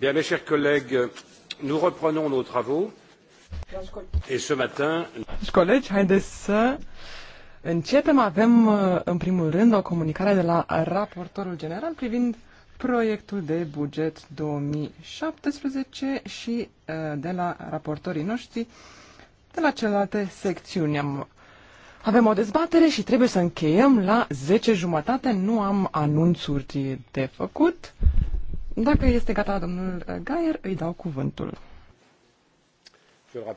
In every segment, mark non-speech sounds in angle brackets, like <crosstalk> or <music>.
Bien, mes chers collègues, nous reprenons nos travaux. Et ce matin... Colegi, haideți să începem. Avem, uh, în primul rând, o comunicare de la raportorul general privind proiectul de buget 2017 și uh, de la raportorii noștri de la celelalte secțiuni. Am avem o dezbatere și trebuie să încheiem la 10 jumătate. Nu am anunțuri de făcut. Dacă este gata domnul Gaier, îi dau cuvântul. Äh,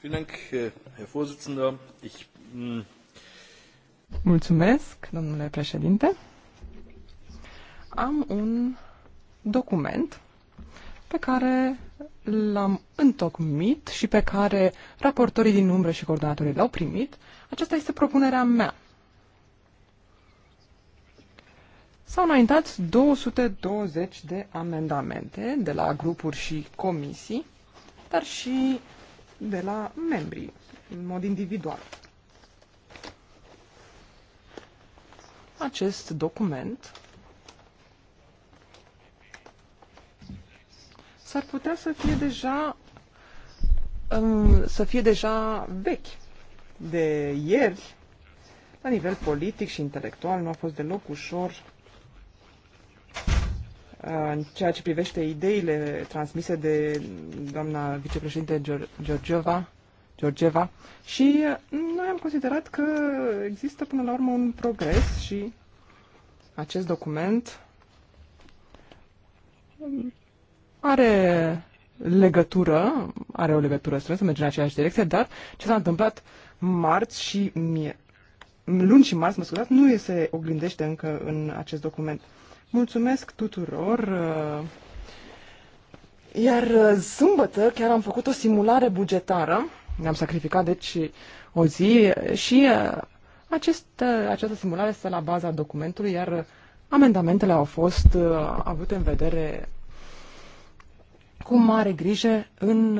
hm, Mulțumesc, domnule președinte. Am un document pe care l-am întocmit și pe care raportorii din umbră și coordonatorii l-au primit. Aceasta este propunerea mea. S-au înaintat 220 de amendamente de la grupuri și comisii, dar și de la membrii, în mod individual. Acest document s-ar putea să fie deja um, să fie deja vechi. De ieri, la nivel politic și intelectual, nu a fost deloc ușor uh, în ceea ce privește ideile transmise de doamna vicepreședinte Georgieva, Georgieva și uh, noi am considerat că există până la urmă un progres și acest document um, are legătură, are o legătură strânsă, merge în aceeași direcție, dar ce s-a întâmplat marți și mie, luni și marți, mă scuzați, nu se oglindește încă în acest document. Mulțumesc tuturor! Uh, iar uh, sâmbătă chiar am făcut o simulare bugetară, ne-am sacrificat deci o zi și uh, acest, această simulare stă la baza documentului, iar amendamentele au fost avute în vedere cu mare grijă în,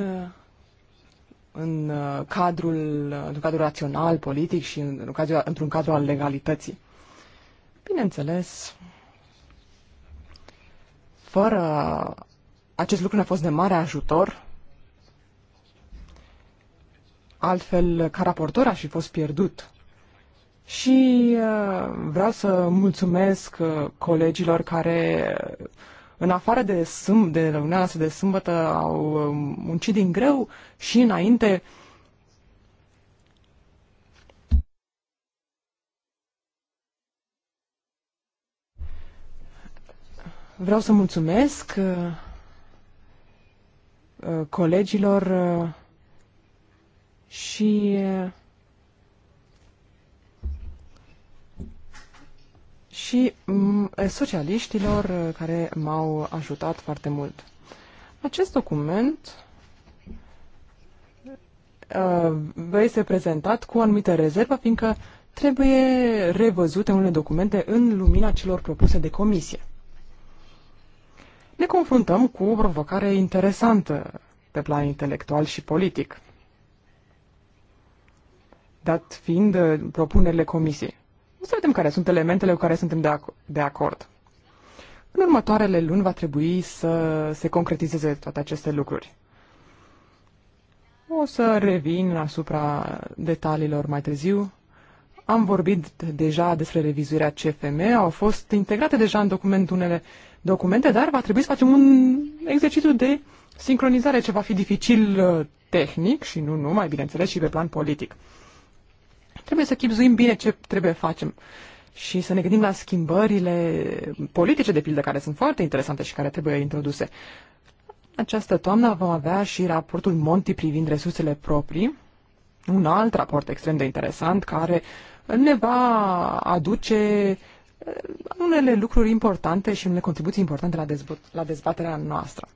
în, uh, cadrul, uh, în cadrul rațional, politic și în cadrul, într-un cadru al legalității. Bineînțeles, fără acest lucru ne-a fost de mare ajutor, altfel ca raportor aș fi fost pierdut. Și uh, vreau să mulțumesc colegilor care în afară de, sâmb, de luna asta de sâmbătă, au um, muncit din greu și înainte Vreau să mulțumesc uh, uh, colegilor uh, și și mm, socialiștilor care m-au ajutat foarte mult. Acest document este prezentat cu anumită rezervă, fiindcă trebuie revăzute unele documente în lumina celor propuse de comisie. Ne confruntăm cu o provocare interesantă pe plan intelectual și politic, dat fiind propunerile comisiei să vedem care sunt elementele cu care suntem de, ac- de acord. În următoarele luni va trebui să se concretizeze toate aceste lucruri. O să revin asupra detaliilor mai târziu. Am vorbit deja despre revizuirea CFM, au fost integrate deja în document unele documente, dar va trebui să facem un exercițiu de sincronizare ce va fi dificil uh, tehnic și nu numai, bineînțeles, și pe plan politic. Trebuie să chipzuim bine ce trebuie facem și să ne gândim la schimbările politice, de pildă, care sunt foarte interesante și care trebuie introduse. Această toamnă vom avea și raportul Monti privind resursele proprii, un alt raport extrem de interesant care ne va aduce uh, unele lucruri importante și unele contribuții importante la, dezb- la dezbaterea noastră.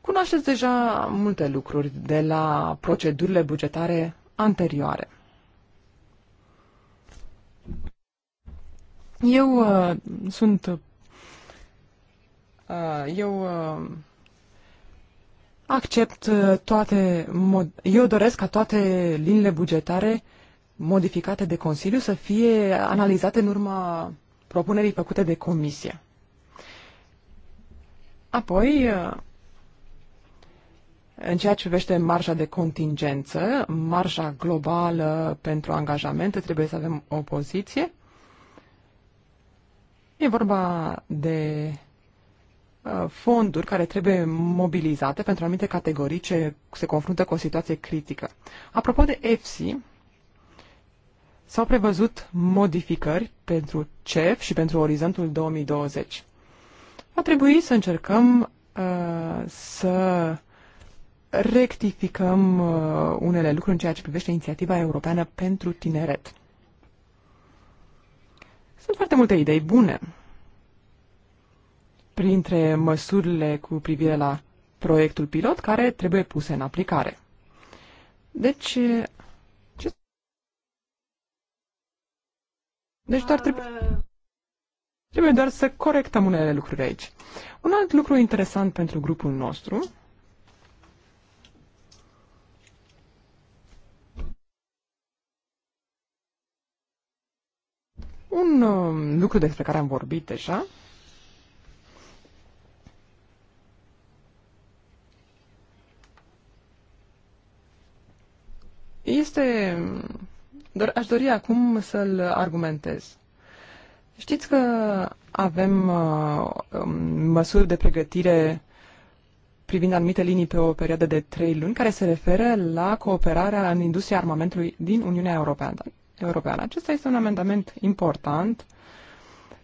Cunoașteți deja multe lucruri de la procedurile bugetare anterioare. Eu uh, sunt. Uh, eu uh, accept uh, toate. Mod- eu doresc ca toate liniile bugetare modificate de Consiliu să fie analizate în urma propunerii făcute de Comisie. Apoi, uh, în ceea ce privește marja de contingență, marja globală pentru angajamente, trebuie să avem o poziție. E vorba de uh, fonduri care trebuie mobilizate pentru anumite categorii ce se confruntă cu o situație critică. Apropo de EFSI, s-au prevăzut modificări pentru CEF și pentru Orizontul 2020. Va trebui să încercăm uh, să rectificăm uh, unele lucruri în ceea ce privește inițiativa europeană pentru tineret. Sunt foarte multe idei bune. Printre măsurile cu privire la proiectul pilot care trebuie puse în aplicare. Deci, uh, ce... Deci doar trebuie... Uh. Trebuie doar să corectăm unele lucruri aici. Un alt lucru interesant pentru grupul nostru Un uh, lucru despre care am vorbit deja este... Dar aș dori acum să-l argumentez. Știți că avem uh, um, măsuri de pregătire privind anumite linii pe o perioadă de trei luni care se referă la cooperarea în industria armamentului din Uniunea Europeană. Europeană. Acesta este un amendament important,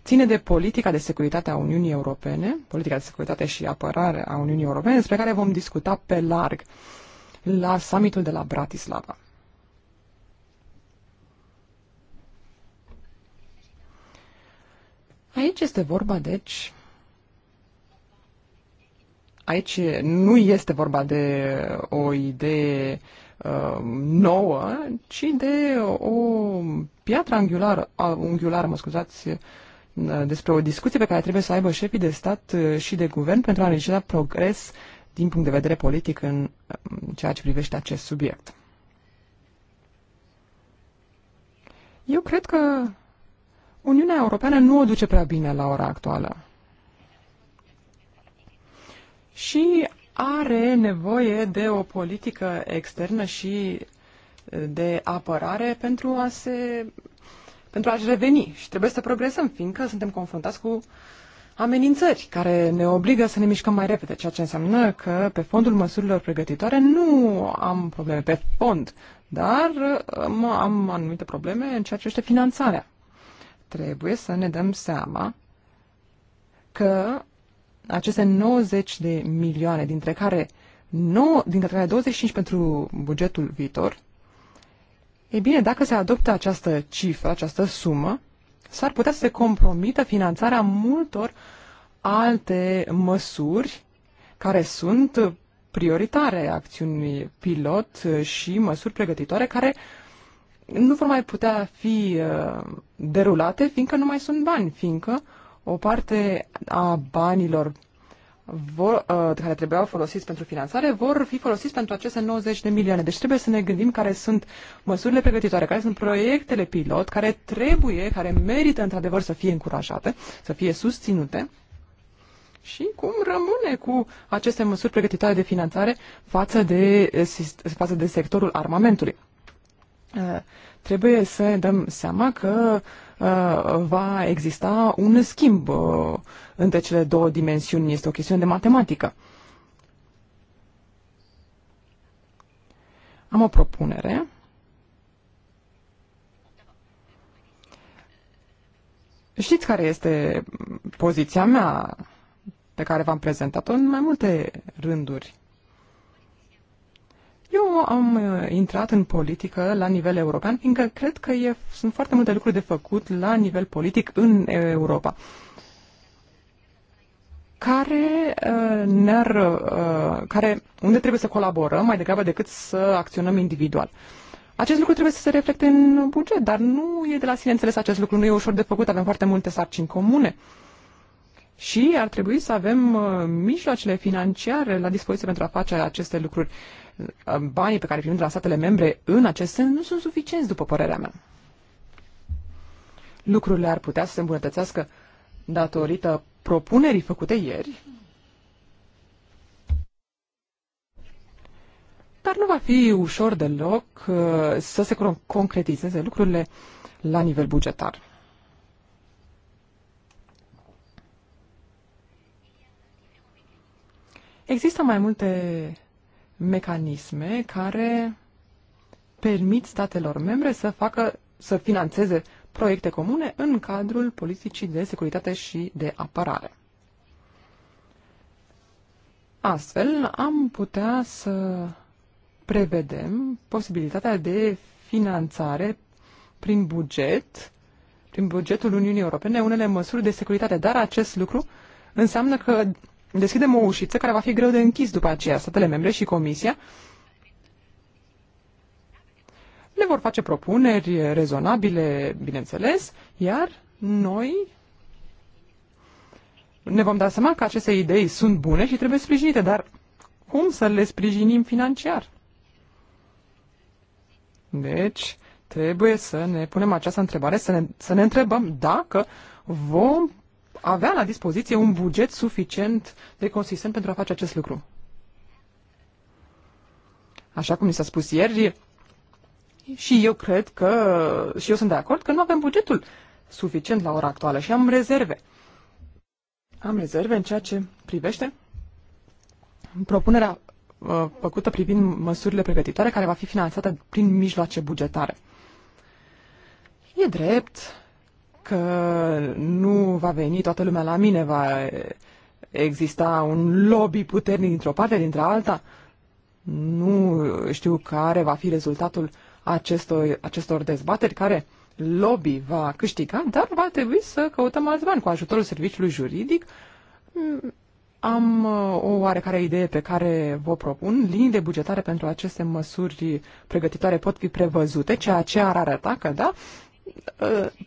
ține de politica de securitate a Uniunii Europene, politica de securitate și apărare a Uniunii Europene, despre care vom discuta pe larg la summitul de la Bratislava. Aici este vorba, deci, aici nu este vorba de o idee uh, Uh, nouă, ci de o piatră angulară, angulară mă scuzați, uh, despre o discuție pe care trebuie să aibă șefii de stat uh, și de guvern pentru a realiza progres din punct de vedere politic în um, ceea ce privește acest subiect. Eu cred că Uniunea Europeană nu o duce prea bine la ora actuală. Și are nevoie de o politică externă și de apărare pentru a se pentru a-și reveni și trebuie să progresăm, fiindcă suntem confruntați cu amenințări care ne obligă să ne mișcăm mai repede, ceea ce înseamnă că pe fondul măsurilor pregătitoare nu am probleme pe fond, dar am, uh, am anumite probleme în ceea ce este finanțarea. Trebuie să ne dăm seama că aceste 90 de milioane, dintre care, 9, dintre care 25 pentru bugetul viitor, e bine, dacă se adoptă această cifră, această sumă, s-ar putea să se compromită finanțarea multor alte măsuri care sunt prioritare, acțiuni pilot și măsuri pregătitoare care nu vor mai putea fi uh, derulate, fiindcă nu mai sunt bani, fiindcă o parte a banilor vor, uh, care trebuiau folosiți pentru finanțare vor fi folosiți pentru aceste 90 de milioane. Deci trebuie să ne gândim care sunt măsurile pregătitoare, care sunt proiectele pilot, care trebuie, care merită într-adevăr să fie încurajate, să fie susținute și cum rămâne cu aceste măsuri pregătitoare de finanțare față de, față de sectorul armamentului. Uh, trebuie să dăm seama că uh, va exista un schimb uh, între cele două dimensiuni. Este o chestiune de matematică. Am o propunere. Știți care este poziția mea pe care v-am prezentat-o în mai multe rânduri. Eu am uh, intrat în politică la nivel european, fiindcă cred că e, sunt foarte multe lucruri de făcut la nivel politic în uh, Europa care uh, ne-ar, care, unde trebuie să colaborăm mai degrabă decât să acționăm individual. Acest lucru trebuie să se reflecte în buget, dar nu e de la sine înțeles acest lucru, nu e ușor de făcut, avem foarte multe sarcini comune. Și ar trebui să avem mijloacele financiare la dispoziție pentru a face aceste lucruri banii pe care primim de la statele membre în acest sens nu sunt suficienți, după părerea mea. Lucrurile ar putea să se îmbunătățească datorită propunerii făcute ieri, dar nu va fi ușor deloc uh, să se concretizeze lucrurile la nivel bugetar. Există mai multe mecanisme care permit statelor membre să facă, să financeze proiecte comune în cadrul politicii de securitate și de apărare. Astfel, am putea să prevedem posibilitatea de finanțare prin buget, prin bugetul Uniunii Europene, unele măsuri de securitate, dar acest lucru înseamnă că deschidem o ușiță care va fi greu de închis după aceea. Statele membre și Comisia le vor face propuneri rezonabile, bineînțeles, iar noi ne vom da seama că aceste idei sunt bune și trebuie sprijinite, dar cum să le sprijinim financiar? Deci, trebuie să ne punem această întrebare, să ne, să ne întrebăm dacă vom avea la dispoziție un buget suficient de consistent pentru a face acest lucru. Așa cum mi s-a spus ieri, și eu cred că, și eu sunt de acord că nu avem bugetul suficient la ora actuală și am rezerve. Am rezerve în ceea ce privește propunerea uh, făcută privind măsurile pregătitoare care va fi finanțată prin mijloace bugetare. E drept că nu va veni toată lumea la mine, va exista un lobby puternic dintr-o parte, dintre alta. Nu știu care va fi rezultatul acestor, acestor dezbateri, care lobby va câștiga, dar va trebui să căutăm alți bani. Cu ajutorul serviciului juridic am uh, o oarecare idee pe care vă propun. Linii de bugetare pentru aceste măsuri pregătitoare pot fi prevăzute, ceea ce ar arăta că, da,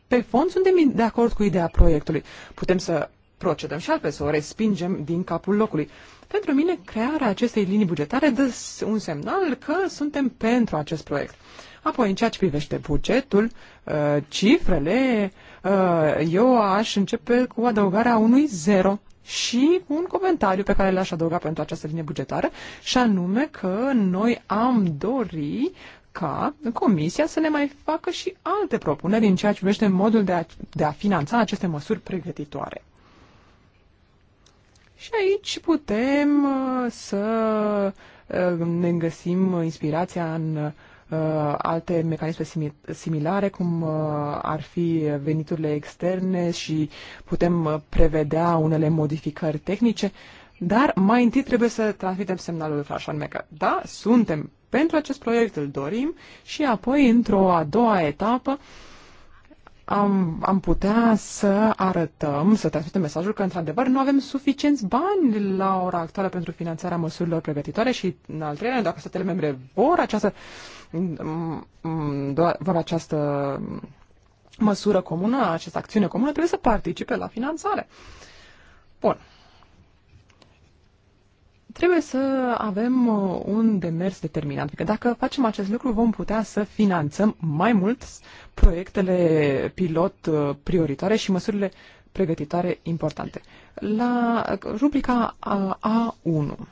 pe fond suntem de acord cu ideea proiectului. Putem să procedăm și altfel, să o respingem din capul locului. Pentru mine, crearea acestei linii bugetare dă un semnal că suntem pentru acest proiect. Apoi, în ceea ce privește bugetul, uh, cifrele, uh, eu aș începe cu adăugarea unui zero și un comentariu pe care l-aș adăuga pentru această linie bugetară, și anume că noi am dori ca Comisia să ne mai facă și alte propuneri în ceea ce privește modul de a, de a finanța aceste măsuri pregătitoare. Și aici putem uh, să uh, ne găsim inspirația în uh, alte mecanisme similare, cum ar fi veniturile externe și putem prevedea unele modificări tehnice, dar mai întâi trebuie să transmitem semnalul de Flash Maker. Da, suntem pentru acest proiect, îl dorim și apoi, într-o a doua etapă, am, am putea să arătăm, să transmitem mesajul că, într-adevăr, nu avem suficienți bani la ora actuală pentru finanțarea măsurilor pregătitoare și, în al treilea, dacă statele membre vor această, vor această măsură comună, această acțiune comună, trebuie să participe la finanțare. Bun. Trebuie să avem uh, un demers determinat, pentru că dacă facem acest lucru vom putea să finanțăm mai mult proiectele pilot uh, prioritare și măsurile pregătitoare importante. La uh, rubrica A1.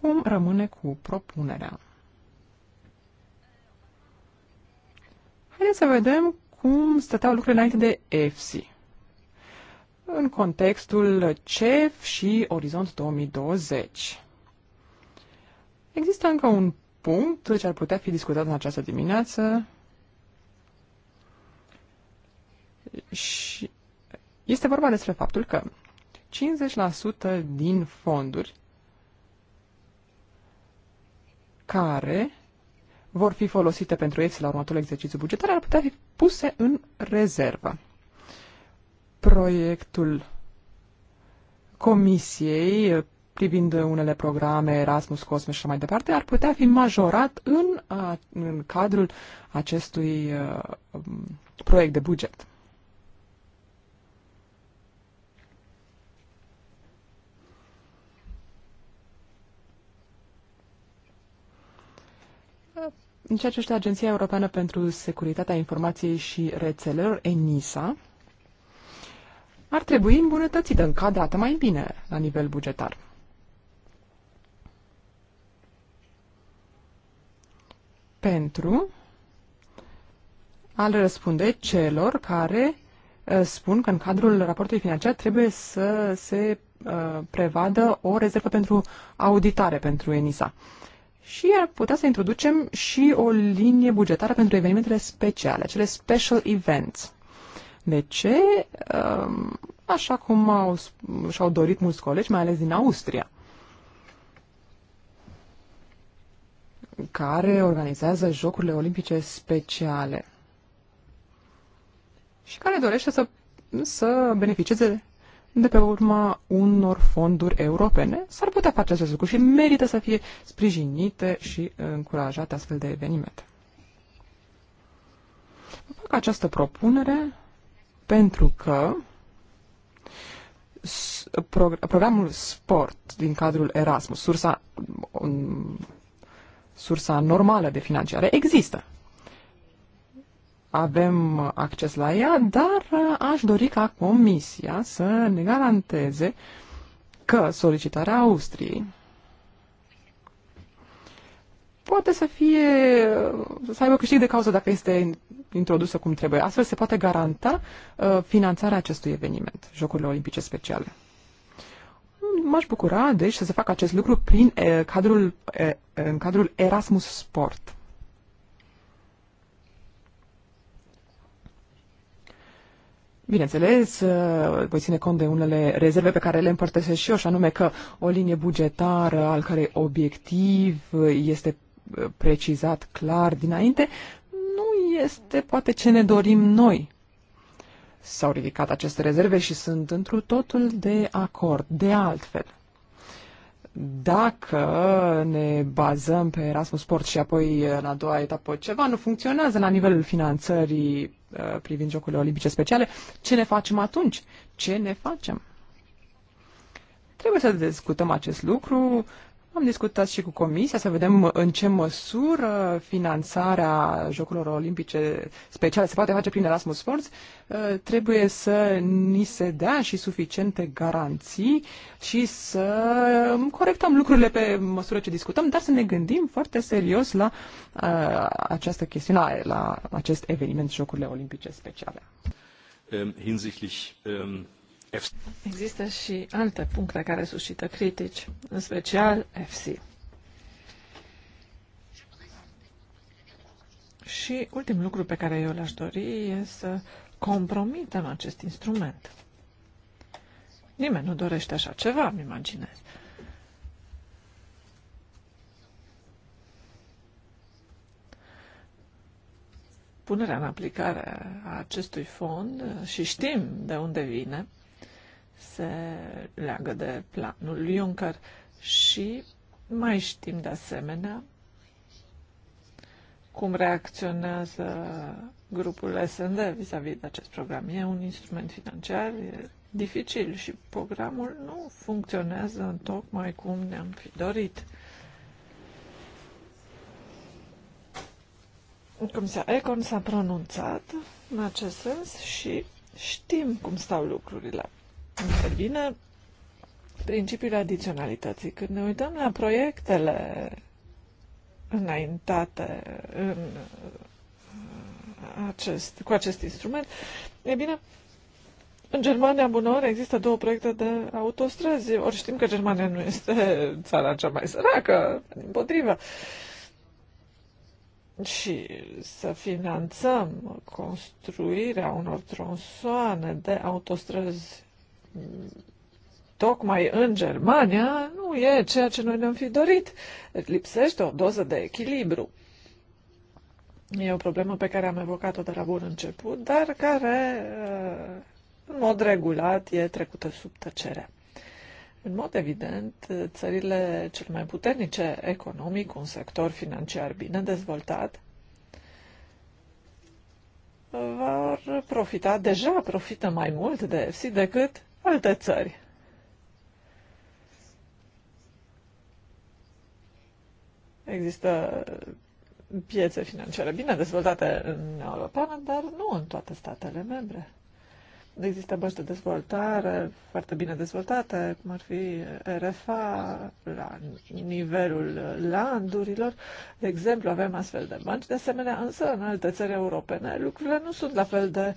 Cum rămâne cu propunerea? Haideți să vedem cum stăteau lucrurile înainte de EFSI în contextul CEF și Orizont 2020. Există încă un punct ce ar putea fi discutat în această dimineață și este vorba despre faptul că 50% din fonduri care vor fi folosite pentru ei la următorul exercițiu bugetar ar putea fi puse în rezervă. Proiectul Comisiei eh, privind unele programe, Erasmus, Cosme și așa mai departe, ar putea fi majorat în, în cadrul acestui eh, um, proiect de buget. În ceea ce este Agenția Europeană pentru Securitatea Informației și Rețelelor, ENISA, ar trebui îmbunătățită, încadrată mai bine la nivel bugetar. Pentru a le răspunde celor care uh, spun că în cadrul raportului financiar trebuie să se uh, prevadă o rezervă pentru auditare pentru ENISA și ar putea să introducem și o linie bugetară pentru evenimentele speciale, acele special events. De ce? Um, așa cum au, și-au dorit mulți colegi, mai ales din Austria, care organizează Jocurile Olimpice Speciale și care dorește să, să beneficieze de pe urma unor fonduri europene. S-ar putea face acest lucru și merită să fie sprijinite și încurajate astfel de evenimente. Fac această propunere pentru că programul sport din cadrul Erasmus, sursa, sursa normală de finanțare, există avem acces la ea, dar aș dori ca Comisia să ne garanteze că solicitarea Austriei poate să fie, să aibă câștig de cauză dacă este introdusă cum trebuie. Astfel se poate garanta uh, finanțarea acestui eveniment, Jocurile Olimpice Speciale. M-aș bucura, deci, să se facă acest lucru prin uh, cadrul, uh, în cadrul Erasmus Sport. Bineînțeles, uh, voi ține cont de unele rezerve pe care le împărtășesc și eu, și anume că o linie bugetară al cărei obiectiv este uh, precizat clar dinainte, nu este poate ce ne dorim noi. S-au ridicat aceste rezerve și sunt întru totul de acord, de altfel. Dacă ne bazăm pe Erasmus Sport și apoi uh, în a doua etapă ceva nu funcționează la nivelul finanțării Uh, privind Jocurile Olimpice Speciale, ce ne facem atunci? Ce ne facem? Trebuie să discutăm acest lucru am discutat și cu Comisia să vedem în ce măsură finanțarea Jocurilor Olimpice speciale se poate face prin Erasmus Sports. Ă, trebuie să ni se dea și suficiente garanții și să corectăm lucrurile pe măsură ce discutăm, dar să ne gândim foarte serios la ă, această chestiune, la acest eveniment Jocurile Olimpice speciale. Ehm, hinsichtlich ehm, Există și alte puncte care suscită critici, în special FC. Și ultimul lucru pe care eu l-aș dori e să compromitem acest instrument. Nimeni nu dorește așa ceva, îmi imaginez. Punerea în aplicare a acestui fond și știm de unde vine, se leagă de planul Juncker și mai știm de asemenea cum reacționează grupul SND vis-a-vis de acest program. E un instrument financiar, e dificil și programul nu funcționează în tocmai cum ne-am fi dorit. Comisia Econ s-a pronunțat în acest sens și știm cum stau lucrurile intervine principiul adiționalității. Când ne uităm la proiectele înaintate în uh, acest, cu acest instrument, e bine, în Germania, bunor, există două proiecte de autostrăzi. Ori știm că Germania nu este țara cea mai săracă, din potrivă. Și să finanțăm construirea unor tronsoane de autostrăzi tocmai în Germania nu e ceea ce noi ne-am fi dorit. Lipsește o doză de echilibru. E o problemă pe care am evocat-o de la bun început, dar care, uh, în mod regulat, e trecută sub tăcere. În mod evident, țările cel mai puternice economic, un sector financiar bine dezvoltat, vor profita, deja profită mai mult de EFSI decât alte țări. Există piețe financiare bine dezvoltate în Uniunea Europeană, dar nu în toate statele membre. Există bănci de dezvoltare foarte bine dezvoltate, cum ar fi RFA la nivelul landurilor. De exemplu, avem astfel de bănci. De asemenea, însă, în alte țări europene, lucrurile nu sunt la fel de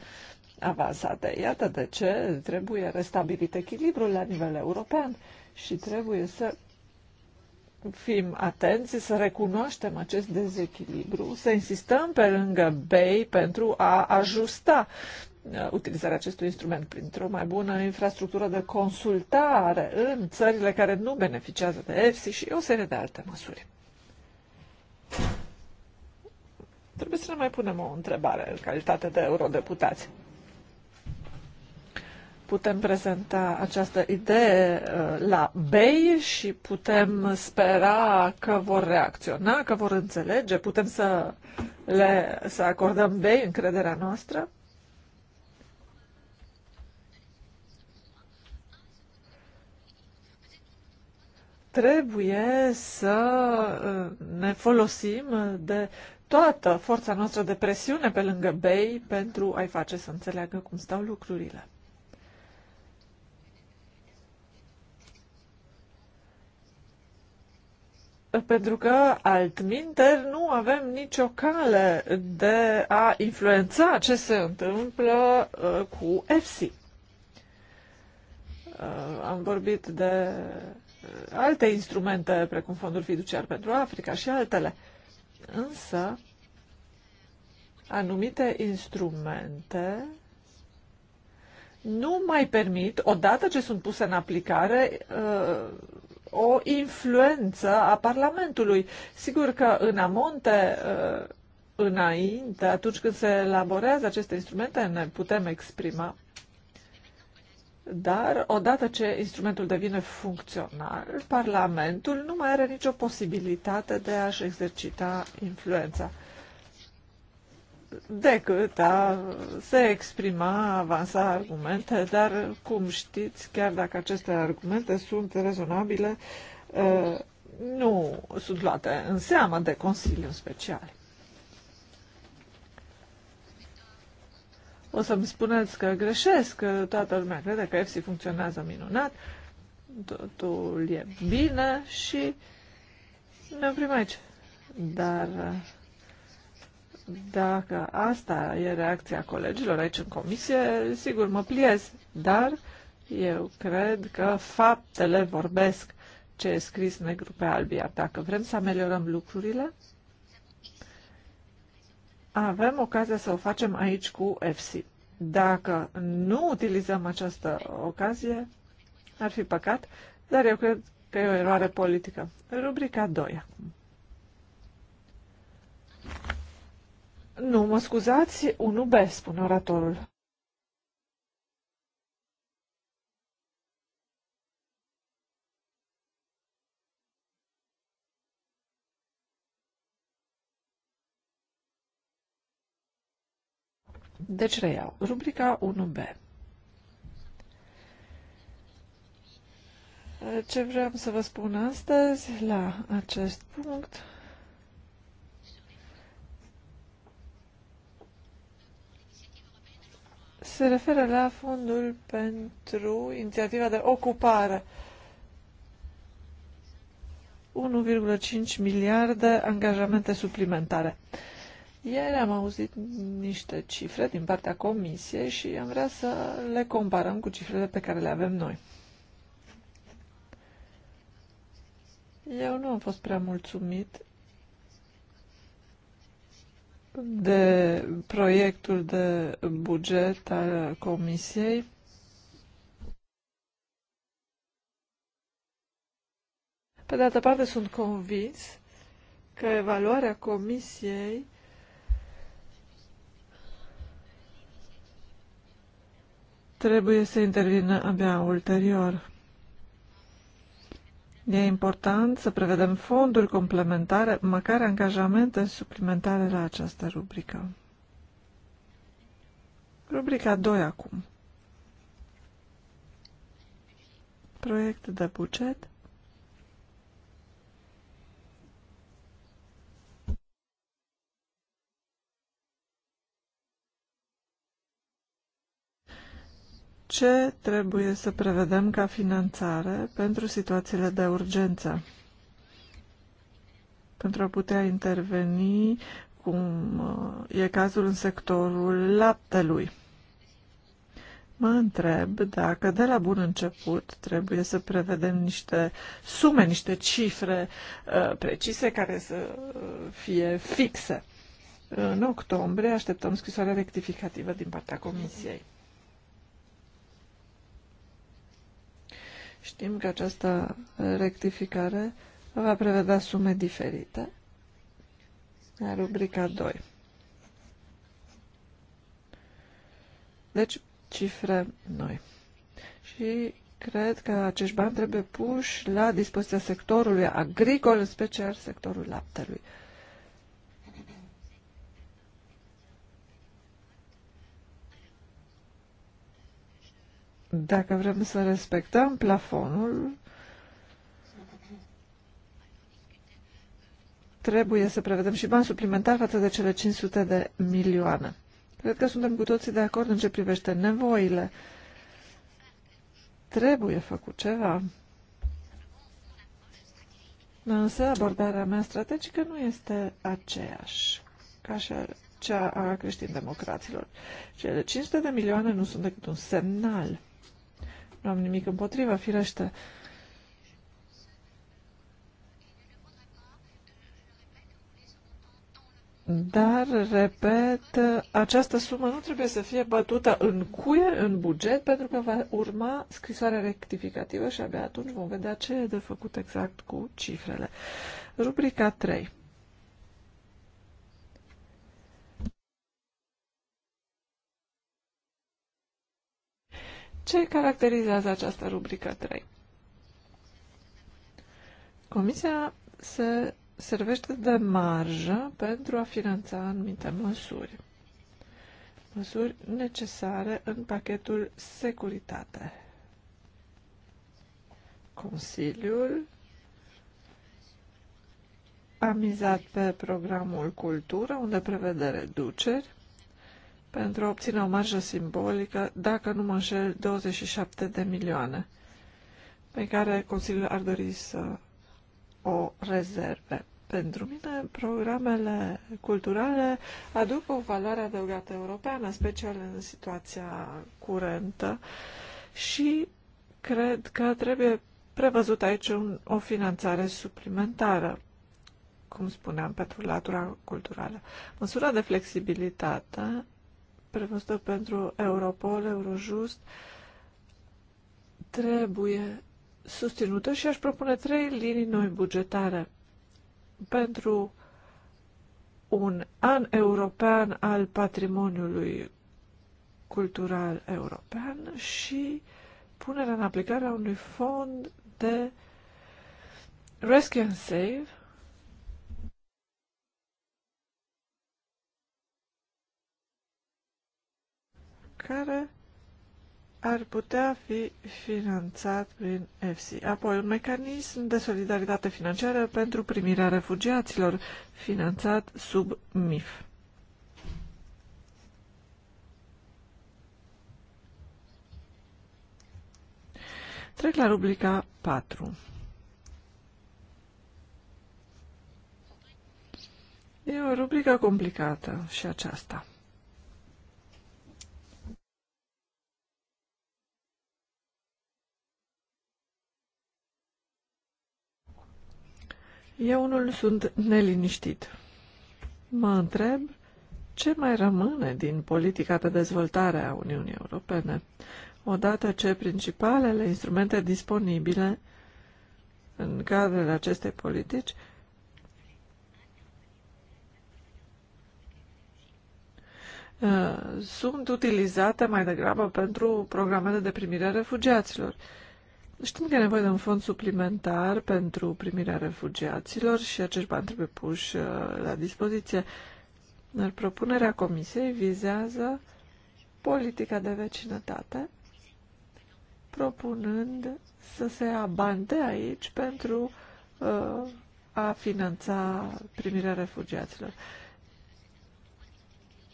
avansate. Iată de ce trebuie restabilit echilibrul la nivel european și trebuie să fim atenți, să recunoaștem acest dezechilibru, să insistăm pe lângă BEI pentru a ajusta uh, utilizarea acestui instrument printr-o mai bună infrastructură de consultare în țările care nu beneficiază de EFSI și o serie de alte măsuri. Trebuie să ne mai punem o întrebare în calitate de eurodeputați putem prezenta această idee uh, la BEI și putem spera că vor reacționa, că vor înțelege, putem să, le, să acordăm BEI încrederea noastră? Trebuie să uh, ne folosim de toată forța noastră de presiune pe lângă BEI pentru a-i face să înțeleagă cum stau lucrurile. pentru că altminteri nu avem nicio cale de a influența ce se întâmplă uh, cu FC. Uh, am vorbit de uh, alte instrumente, precum Fondul Fiduciar pentru Africa și altele. Însă, anumite instrumente nu mai permit, odată ce sunt puse în aplicare, o influență a Parlamentului. Sigur că în amonte, uh, înainte, atunci când se elaborează aceste instrumente, ne putem exprima. Dar, odată ce instrumentul devine funcțional, Parlamentul nu mai are nicio posibilitate de a-și exercita influența decât a se exprima, avansa argumente, dar, cum știți, chiar dacă aceste argumente sunt rezonabile, ă, nu sunt luate în seamă de Consiliu Special. O să-mi spuneți că greșesc, că toată lumea crede că EFSI funcționează minunat, totul e bine și ne oprim aici. Dar dacă asta e reacția colegilor aici în comisie, sigur mă pliez, dar eu cred că faptele vorbesc ce e scris negru pe alb, iar dacă vrem să ameliorăm lucrurile, avem ocazia să o facem aici cu FC. Dacă nu utilizăm această ocazie, ar fi păcat, dar eu cred că e o eroare politică. Rubrica 2 acum. Nu, mă scuzați, unu b spune oratorul. Deci reiau. Rubrica 1B. Ce vreau să vă spun astăzi la acest punct se referă la fondul pentru inițiativa de ocupare. 1,5 miliarde angajamente suplimentare. Ieri am auzit niște cifre din partea comisiei și am vrea să le comparăm cu cifrele pe care le avem noi. Eu nu am fost prea mulțumit de proiectul de buget al Comisiei. Pe de altă parte, sunt convins că evaluarea Comisiei trebuie să intervină abia ulterior. E important să prevedem fonduri complementare, măcar angajamente suplimentare la această rubrică. Rubrica 2 acum. Proiect de buget ce trebuie să prevedem ca finanțare pentru situațiile de urgență, pentru a putea interveni, cum uh, e cazul în sectorul laptelui. Mă întreb dacă de la bun început trebuie să prevedem niște sume, niște cifre uh, precise care să uh, fie fixe. În octombrie așteptăm scrisoarea rectificativă din partea Comisiei. Știm că această rectificare va prevedea sume diferite. La rubrica 2. Deci, cifre noi. Și cred că acești bani trebuie puși la dispoziția sectorului agricol, în special sectorul laptelui. Dacă vrem să respectăm plafonul, trebuie să prevedem și bani suplimentari față de cele 500 de milioane. Cred că suntem cu toții de acord în ce privește nevoile. Trebuie făcut ceva. Însă abordarea mea strategică nu este aceeași ca și cea a creștin-democraților. Cele 500 de milioane nu sunt decât un semnal. Nu am nimic împotriva, firește. Dar, repet, această sumă nu trebuie să fie bătută în cuie, în buget, pentru că va urma scrisoarea rectificativă și abia atunci vom vedea ce e de făcut exact cu cifrele. Rubrica 3. Ce caracterizează această rubrică 3? Comisia se servește de marjă pentru a finanța anumite măsuri. Măsuri necesare în pachetul securitate. Consiliul a mizat pe programul cultură, unde prevede reduceri, pentru a obține o marjă simbolică, dacă nu mă înșel, 27 de milioane, pe care Consiliul ar dori să o rezerve. Pentru mine, programele culturale aduc o valoare adăugată europeană, special în situația curentă și cred că trebuie prevăzut aici un, o finanțare suplimentară, cum spuneam, pentru latura culturală. Măsura de flexibilitate prevăzută pentru Europol, Eurojust, trebuie susținută și aș propune trei linii noi bugetare pentru un an european al patrimoniului cultural european și punerea în aplicare a unui fond de rescue and save care ar putea fi finanțat prin EFSI. Apoi, un mecanism de solidaritate financiară pentru primirea refugiaților, finanțat sub MIF. Trec la rubrica 4. E o rubrică complicată și aceasta. Eu unul sunt neliniștit. Mă întreb ce mai rămâne din politica de dezvoltare a Uniunii Europene, odată ce principalele instrumente disponibile în cadrul acestei politici uh, sunt utilizate mai degrabă pentru programele de primire a refugiaților. Știm că e nevoie de un fond suplimentar pentru primirea refugiaților și acești bani trebuie puși uh, la dispoziție. Dar propunerea Comisiei vizează politica de vecinătate, propunând să se ia bani de aici pentru uh, a finanța primirea refugiaților. Uh,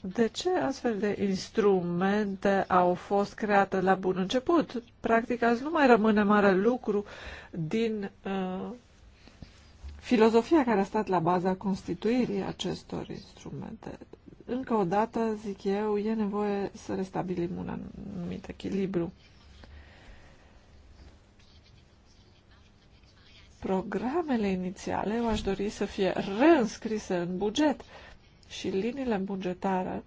de ce astfel de instrumente au fost create la bun început? Practic, azi nu mai rămâne mare lucru din uh, filozofia care a stat la baza constituirii acestor instrumente. Încă o dată, zic eu, e nevoie să restabilim un anumit echilibru. Programele inițiale eu aș dori să fie reînscrise în buget. Uh, și liniile bugetare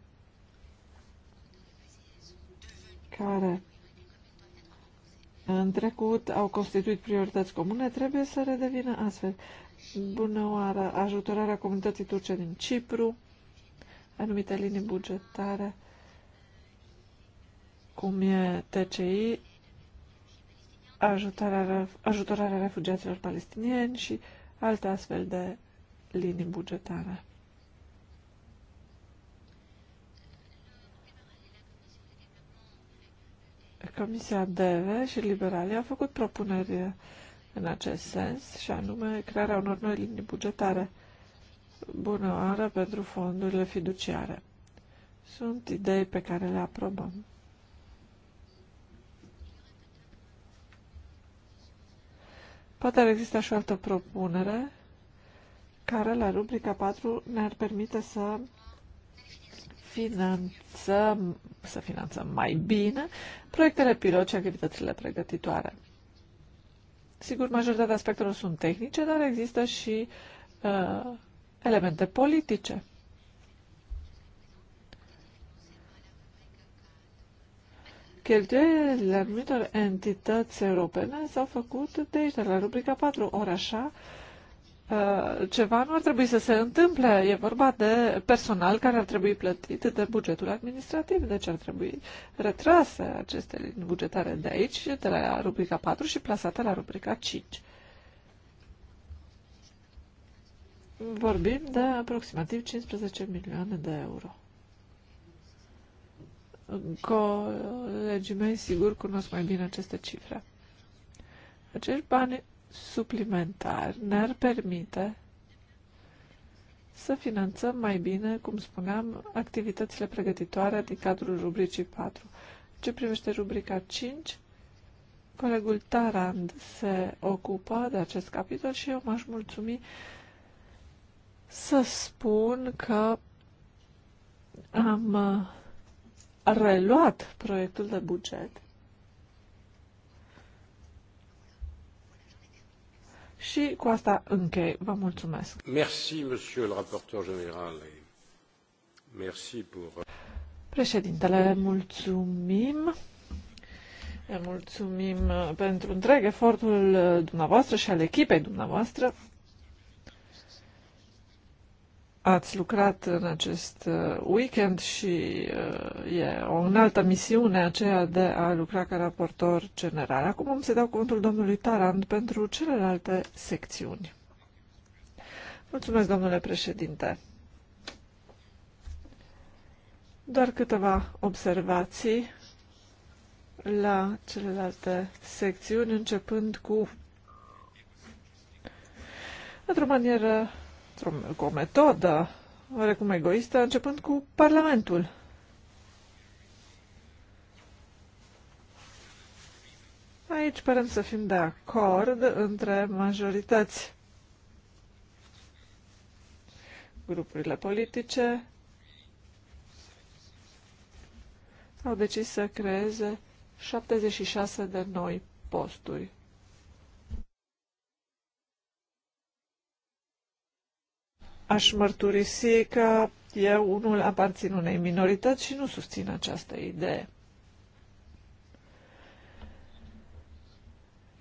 care în trecut au constituit priorități comune trebuie să redevină astfel. Bună oară, ajutorarea comunității turce din Cipru, anumite linii bugetare, cum e TCI, ajutorarea, ajutorarea refugiaților palestinieni și alte astfel de linii bugetare. Comisia DEVE și liberalii au făcut propuneri în acest sens, și anume crearea unor noi linii bugetare. Bună oară pentru fondurile fiduciare. Sunt idei pe care le aprobăm. Poate ar exista și o altă propunere care la rubrica 4 ne-ar permite să finanțăm, să finanțăm mai bine proiectele pilot și activitățile pregătitoare. Sigur, majoritatea aspectelor sunt tehnice, dar există și uh, elemente politice. Cheltuielile anumitor entități europene s-au făcut de aici, de la rubrica 4, ori așa, uh, Uh, ceva nu ar trebui să se întâmple. E vorba de personal care ar trebui plătit de bugetul administrativ, deci ar trebui retrase aceste linii bugetare de aici, de la rubrica 4 și plasate la rubrica 5. Vorbim de aproximativ 15 milioane de euro. Colegii mei sigur cunosc mai bine aceste cifre. Acești bani suplimentar ne-ar permite să finanțăm mai bine, cum spuneam, activitățile pregătitoare din cadrul rubricii 4. Ce privește rubrica 5, colegul Tarand se ocupă de acest capitol și eu m-aș mulțumi să spun că am uh, reluat proiectul de buget Și cu asta închei. Vă mulțumesc. Merci, monsieur le rapporteur general. Merci pour... Președintele, mulțumim. Mulțumim pentru întreg efortul dumneavoastră și al echipei dumneavoastră ați lucrat în acest uh, weekend și uh, e o înaltă misiune aceea de a lucra ca raportor general. Acum am să dau cuvântul domnului Tarand pentru celelalte secțiuni. Mulțumesc, domnule președinte. Doar câteva observații la celelalte secțiuni, începând cu, într-o manieră cu o metodă oarecum egoistă, începând cu Parlamentul. Aici părem să fim de acord între majorități. Grupurile politice au decis să creeze 76 de noi posturi Aș mărturisi că eu unul aparțin unei minorități și nu susțin această idee.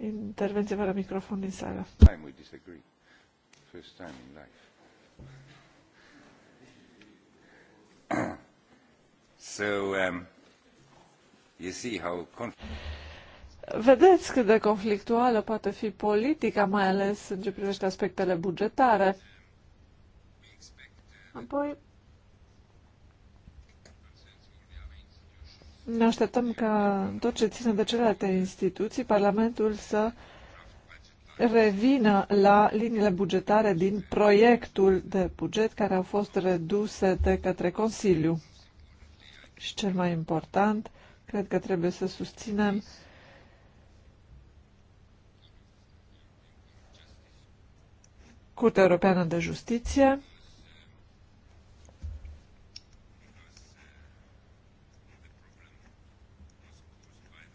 Intervenție fără microfon din sală. Time we disagree. First time in life. <coughs> so, um, you see how Vedeți cât de conflictuală poate fi politica, mai ales în ce privește aspectele bugetare. Apoi, ne așteptăm ca tot ce ține de celelalte instituții, Parlamentul să revină la liniile bugetare din proiectul de buget care au fost reduse de către Consiliu. Și cel mai important, cred că trebuie să susținem Curtea Europeană de Justiție,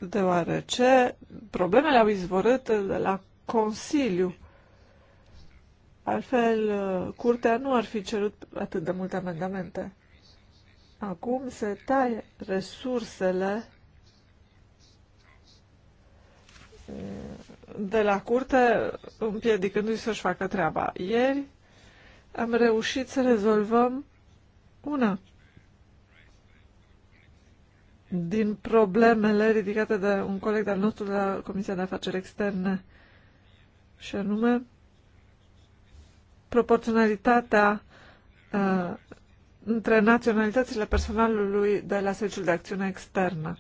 deoarece problemele au izvorât de la Consiliu. Altfel, curtea nu ar fi cerut atât de multe amendamente. Acum se taie resursele eh, de la curte, împiedicându-i să-și facă treaba. Ieri am reușit să rezolvăm una din problemele ridicate de un coleg al nostru de la Comisia de Afaceri Externe, și anume proporționalitatea uh, între naționalitățile personalului de la Serviciul de Acțiune Externă.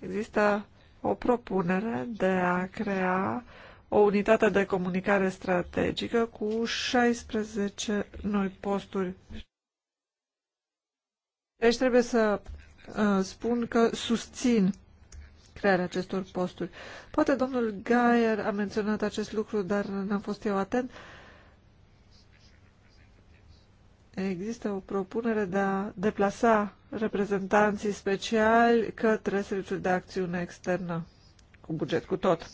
Există o propunere de a crea o unitate de comunicare strategică cu 16 noi posturi deci trebuie să uh, spun că susțin crearea acestor posturi. Poate domnul Gaier a menționat acest lucru, dar n-am fost eu atent. Există o propunere de a deplasa reprezentanții speciali către serviciul de acțiune externă, cu buget cu tot.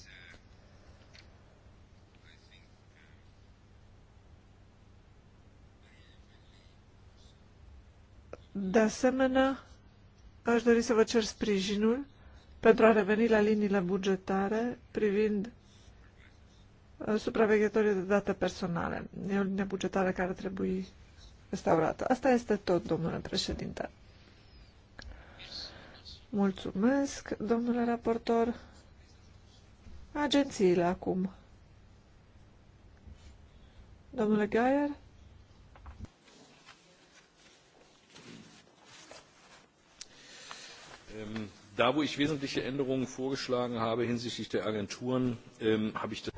De asemenea, aș dori să vă cer sprijinul pentru a reveni la liniile bugetare privind uh, supraveghetorii de date personale. E o linie bugetară care trebuie restaurată. Asta este tot, domnule președinte. Mulțumesc, domnule raportor. Agențiile acum. Domnule Gaier? Ähm, da, wo ich wesentliche Änderungen vorgeschlagen habe hinsichtlich der Agenturen, ähm, habe ich das.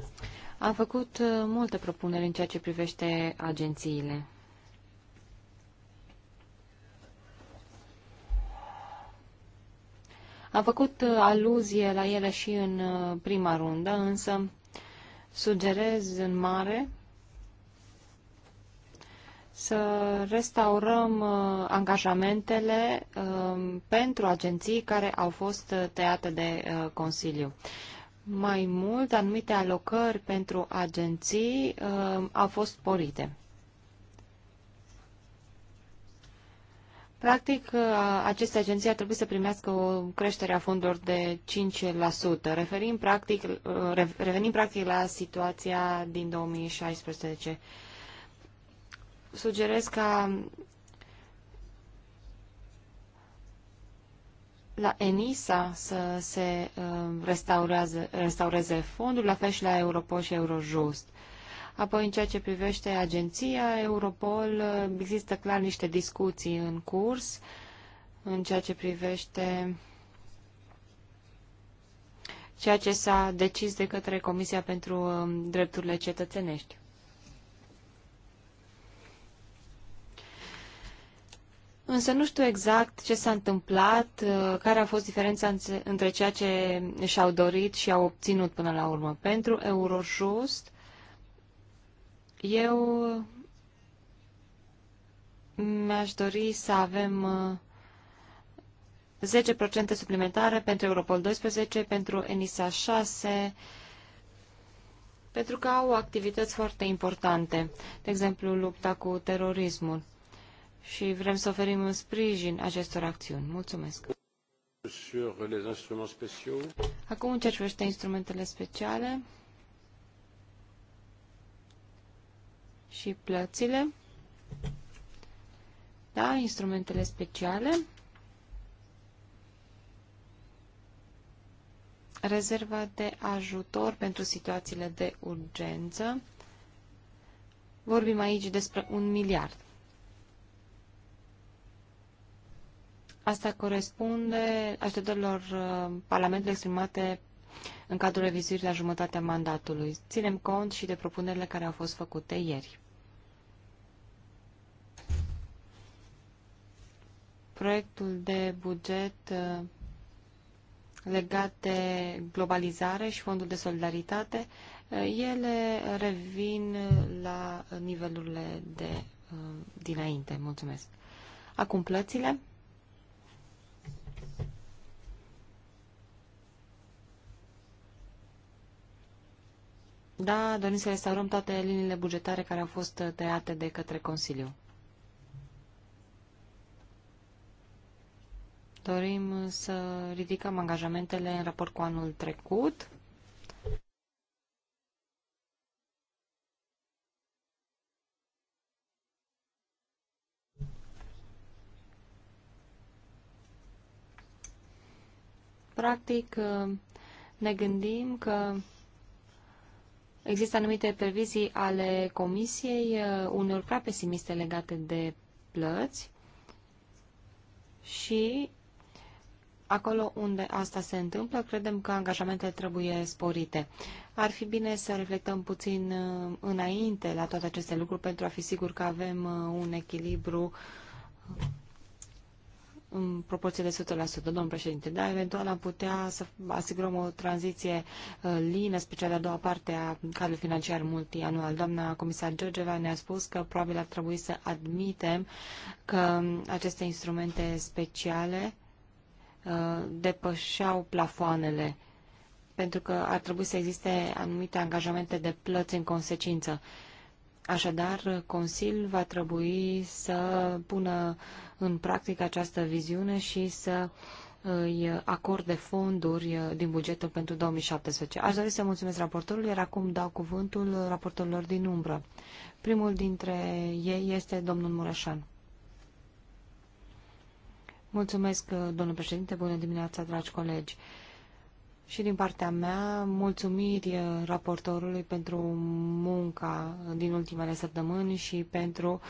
Am făcut uh, multe propuneri în ceea ce privește agențiile. Am făcut uh, aluzie la ele și în uh, prima rundă, însă sugerez în mare să restaurăm uh, angajamentele um, pentru agenții care au fost tăiate de uh, Consiliu. Mai mult, anumite alocări pentru agenții um, au fost sporite. Practic, uh, aceste agenții ar trebui să primească o creștere a fondurilor de 5%. Referim practic, revenim practic la situația din 2016 sugerez ca la ENISA să se uh, restaureze fondul, la fel și la Europol și Eurojust. Apoi, în ceea ce privește agenția Europol, uh, există clar niște discuții în curs în ceea ce privește ceea ce s-a decis de către Comisia pentru uh, Drepturile Cetățenești. Însă nu știu exact ce s-a întâmplat, uh, care a fost diferența între ceea ce și-au dorit și au obținut până la urmă. Pentru Eurojust, eu uh, mi-aș dori să avem 10% uh, suplimentare pentru Europol 12, pentru ENISA 6, pentru că au activități foarte importante, de exemplu lupta cu terorismul și vrem să oferim un sprijin acestor acțiuni. Mulțumesc! Acum în ce instrumentele speciale și plățile, da, instrumentele speciale, rezerva de ajutor pentru situațiile de urgență, vorbim aici despre un miliard. Asta corespunde așteptărilor uh, Parlamentului exprimate în cadrul revizuirii la jumătatea mandatului. Ținem cont și de propunerile care au fost făcute ieri. Proiectul de buget uh, legat de globalizare și fondul de solidaritate, uh, ele revin la nivelurile de dinainte. Mulțumesc. Acum plățile. Da, dorim să restaurăm toate liniile bugetare care au fost tăiate de către Consiliu. Dorim să ridicăm angajamentele în raport cu anul trecut. Practic, ne gândim că Există anumite previzii ale Comisiei, uh, unor prea pesimiste legate de plăți și acolo unde asta se întâmplă, credem că angajamentele trebuie sporite. Ar fi bine să reflectăm puțin uh, înainte la toate aceste lucruri pentru a fi sigur că avem uh, un echilibru în proporție de 100%, domn președinte, dar eventual am putea să asigurăm o tranziție uh, lină, special de a doua parte a cadrului financiar multianual. Doamna comisar Georgeva ne-a spus că probabil ar trebui să admitem că aceste instrumente speciale uh, depășeau plafoanele pentru că ar trebui să existe anumite angajamente de plăți în consecință. Uh, Așadar, Consiliul va trebui să pună în practică această viziune și să îi acorde fonduri din bugetul pentru 2017. Aș dori să mulțumesc raportorului, iar acum dau cuvântul raportorilor din umbră. Primul dintre ei este domnul Mureșan. Mulțumesc, domnul președinte, bună dimineața, dragi colegi. Uh, și din partea mea, mulțumiri raportorului pentru munca din ultimele săptămâni și pentru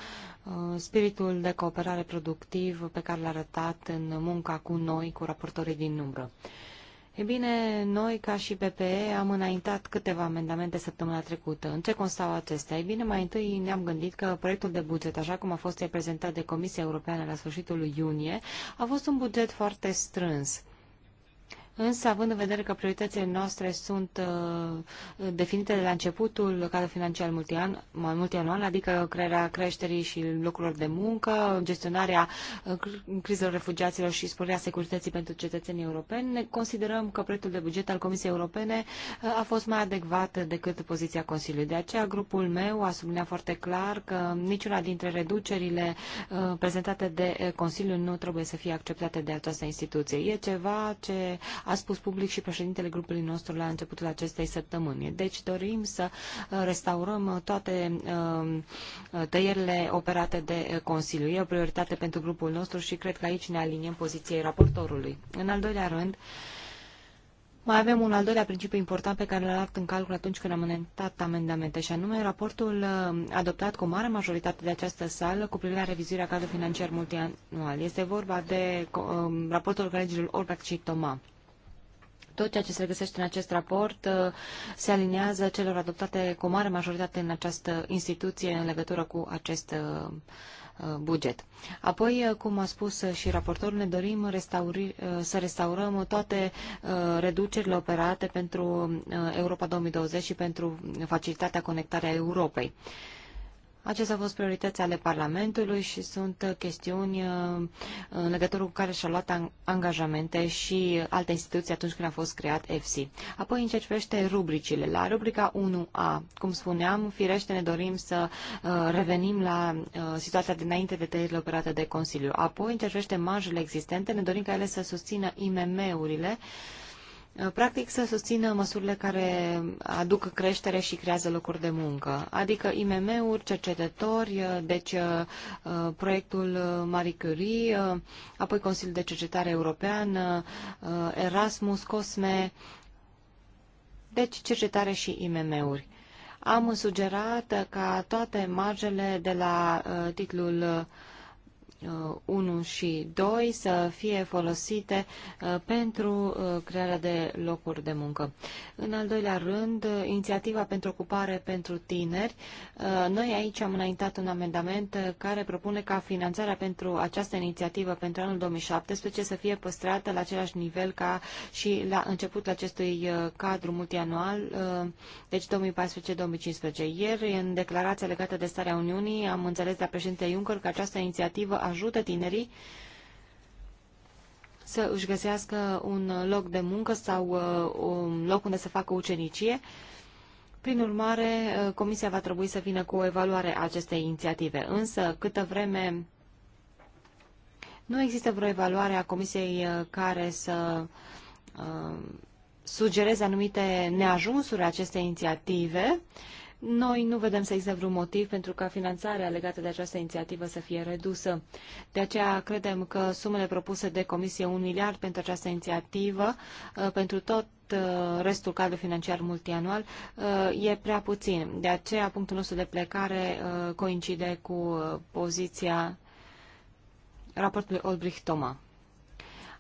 uh, spiritul de cooperare productiv pe care l-a arătat în munca cu noi, cu raportorii din umbră. E bine, noi ca și PPE am înaintat câteva amendamente săptămâna trecută. În ce constau acestea? E bine, mai întâi ne-am gândit că proiectul de buget, așa cum a fost prezentat de Comisia Europeană la sfârșitul lui iunie, a fost un buget foarte strâns Însă, având în vedere că prioritățile noastre sunt uh, definite de la începutul cadrul financiar multian, multianual, adică crearea creșterii și locurilor de muncă, gestionarea uh, crizelor refugiaților și sporirea securității pentru cetățenii europeni, ne considerăm că proiectul de buget al Comisiei Europene uh, a fost mai adecvat decât poziția Consiliului. De aceea, grupul meu a subliniat foarte clar că niciuna dintre reducerile uh, prezentate de uh, Consiliu nu trebuie să fie acceptate de această instituție. E ceva ce a spus public și președintele grupului nostru la începutul acestei săptămâni. Deci dorim să uh, restaurăm toate um, tăierile operate de uh, Consiliu. E o prioritate pentru grupul nostru și cred că aici ne aliniem poziției raportorului. În al doilea rând, mai avem un al doilea principiu important pe care l-am luat în calcul atunci când am înaintat amendamente, și anume raportul uh, adoptat cu mare majoritate de această sală cu privire la revizuirea cadrului financiar multianual. Este vorba de um, raportul colegilor Orbac și Toma. Tot ceea ce se găsește în acest raport uh, se aliniază celor adoptate cu mare majoritate în această instituție în legătură cu acest uh, uh, buget. Apoi, cum a spus și raportorul, ne dorim restauri, să restaurăm toate reducerile operate pentru Europa 2020 și pentru facilitatea conectarea Europei. Acestea au fost priorități ale Parlamentului și sunt chestiuni uh, în legătură cu care și-au luat angajamente și alte instituții atunci când a fost creat EFSI. Apoi, în ce privește rubricile, la rubrica 1A, cum spuneam, firește ne dorim să uh, revenim la uh, situația dinainte de tăierile operate de Consiliu. Apoi, în ce privește marjele existente, ne dorim ca ele să susțină IMM-urile Uh, practic să susțină măsurile care aduc creștere și creează locuri de muncă, adică IMM-uri, cercetători, uh, deci uh, proiectul Marie Curie, apoi Consiliul de Cercetare European, Erasmus, Cosme, deci cercetare și IMM-uri. Am sugerat ca toate marjele de la titlul 1 uh, și 2 să fie folosite uh, pentru uh, crearea de locuri de muncă. În al doilea rând, inițiativa pentru ocupare pentru tineri. Noi aici am înaintat un amendament care propune ca finanțarea pentru această inițiativă pentru anul 2017 să fie păstrată la același nivel ca și la începutul acestui cadru multianual, deci 2014-2015. Ieri, în declarația legată de starea Uniunii, am înțeles de la președinte Juncker că această inițiativă a ajută tinerii să își găsească un loc de muncă sau uh, un loc unde să facă ucenicie. Prin urmare, uh, Comisia va trebui să vină cu o evaluare a acestei inițiative. Însă, câtă vreme nu există vreo evaluare a Comisiei uh, care să sugereze anumite neajunsuri aceste inițiative, noi nu vedem să există vreun motiv pentru ca finanțarea legată de această inițiativă să fie redusă. De aceea credem că sumele propuse de Comisie 1 miliard pentru această inițiativă, uh, pentru tot uh, restul cadrului financiar multianual, uh, e prea puțin. De aceea punctul nostru de plecare coincide cu poziția raportului Olbrich-Toma.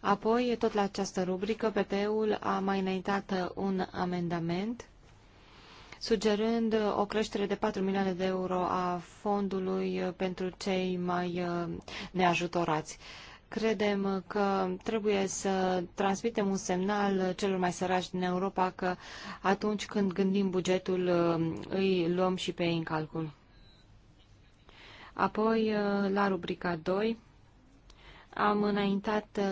Apoi, tot la această rubrică, PP-ul a mai înaintat un amendament sugerând o creștere de 4 milioane de euro a fondului pentru cei mai uh, neajutorați. Credem că trebuie să transmitem un semnal celor mai săraci din Europa că atunci când gândim bugetul uh, îi luăm și pe ei în calcul. Apoi, uh, la rubrica 2, am înaintat uh,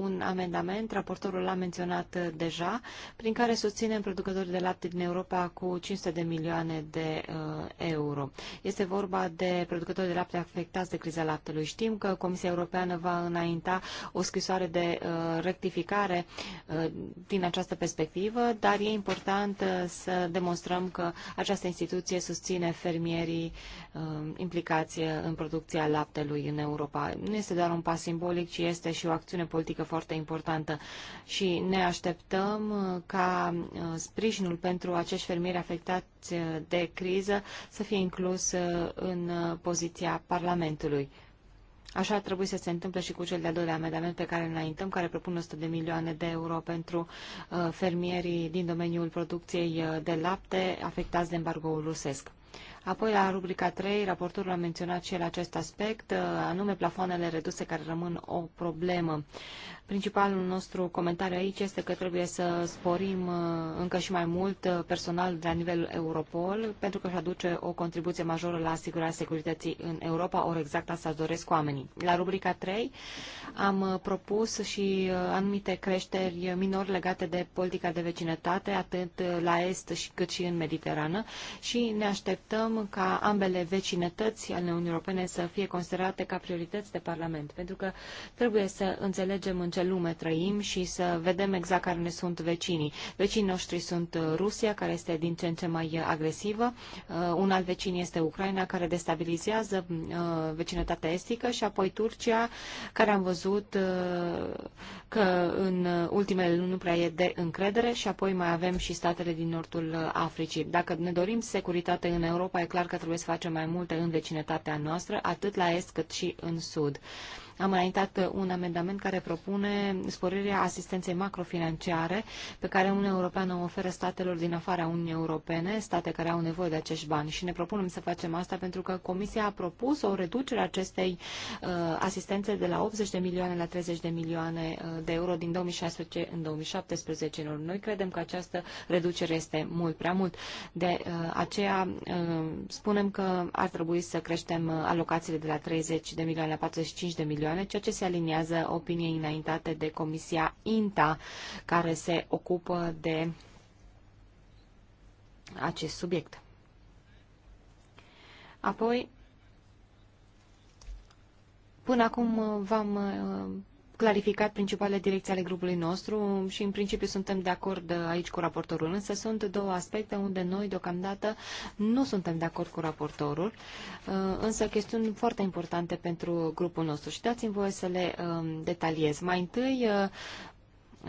un amendament, raportorul l-a menționat uh, deja, prin care susținem producătorii de lapte din Europa cu 500 de milioane de uh, euro. Este vorba de producători de lapte afectați de criza laptelui. Știm că Comisia Europeană va înainta o scrisoare de rectificare din această perspectivă, dar e important să demonstrăm că această instituție susține fermierii implicați în producția laptelui în Europa. Nu este doar un pas simbolic, simbolic, ci este și o acțiune politică foarte importantă. Și ne așteptăm uh, ca uh, sprijinul pentru acești fermieri afectați uh, de criză să fie inclus în poziția Parlamentului. Așa ar trebui să se întâmple și cu cel de-al doilea amendament pe care îl înaintăm, care propune 100 de milioane de euro pentru fermierii din domeniul producției de lapte afectați de embargoul rusesc. Apoi, la rubrica 3, raportorul a menționat și el acest aspect, anume plafoanele reduse care rămân o problemă. Principalul nostru comentariu aici este că trebuie să sporim uh, încă și mai mult uh, personal de la nivelul Europol, pentru că își aduce o contribuție majoră la asigurarea securității în Europa, ori exact asta își doresc oamenii. La rubrica 3 am uh, propus și anumite creșteri minori legate de politica de vecinătate, atât la est cât și în Mediterană, și ne așteptăm ca ambele vecinătăți ale Uniunii Europene să fie considerate ca priorități de Parlament, pentru că trebuie să înțelegem în ce ce lume trăim și să vedem exact care ne sunt vecinii. Vecinii noștri sunt uh, Rusia, care este din ce în ce mai uh, agresivă, uh, un alt vecin este Ucraina, care destabilizează vecinătatea estică și apoi Turcia, care am văzut că în ultimele luni nu prea e de încredere și apoi mai avem și statele din nordul Africii. Dacă ne dorim securitate în Europa, e clar că trebuie să facem mai multe în vecinătatea noastră, atât la est cât și în sud. Am înaintat uh, un amendament care propune sporirea asistenței macrofinanciare pe care Uniunea Europeană o oferă statelor din afara Uniunii Europene, state care au nevoie de acești bani. Și ne propunem să facem asta pentru că Comisia a propus o reducere a acestei uh, asistențe de la 80 de milioane la 30 de milioane uh, de euro din 2016 în 2017. Noi credem că această reducere este mult prea mult. De uh, aceea uh, spunem că ar trebui să creștem uh, alocațiile de la 30 de milioane la 45 de milioane milioane, ceea ce se aliniază opiniei înaintate de Comisia INTA, care se ocupă de acest subiect. Apoi, până acum v-am clarificat principalele direcții ale grupului nostru și în principiu suntem de acord aici cu raportorul, însă sunt două aspecte unde noi deocamdată nu suntem de acord cu raportorul, uh, însă chestiuni foarte importante pentru grupul nostru și dați-mi voie să le um, detaliez. Mai întâi, uh,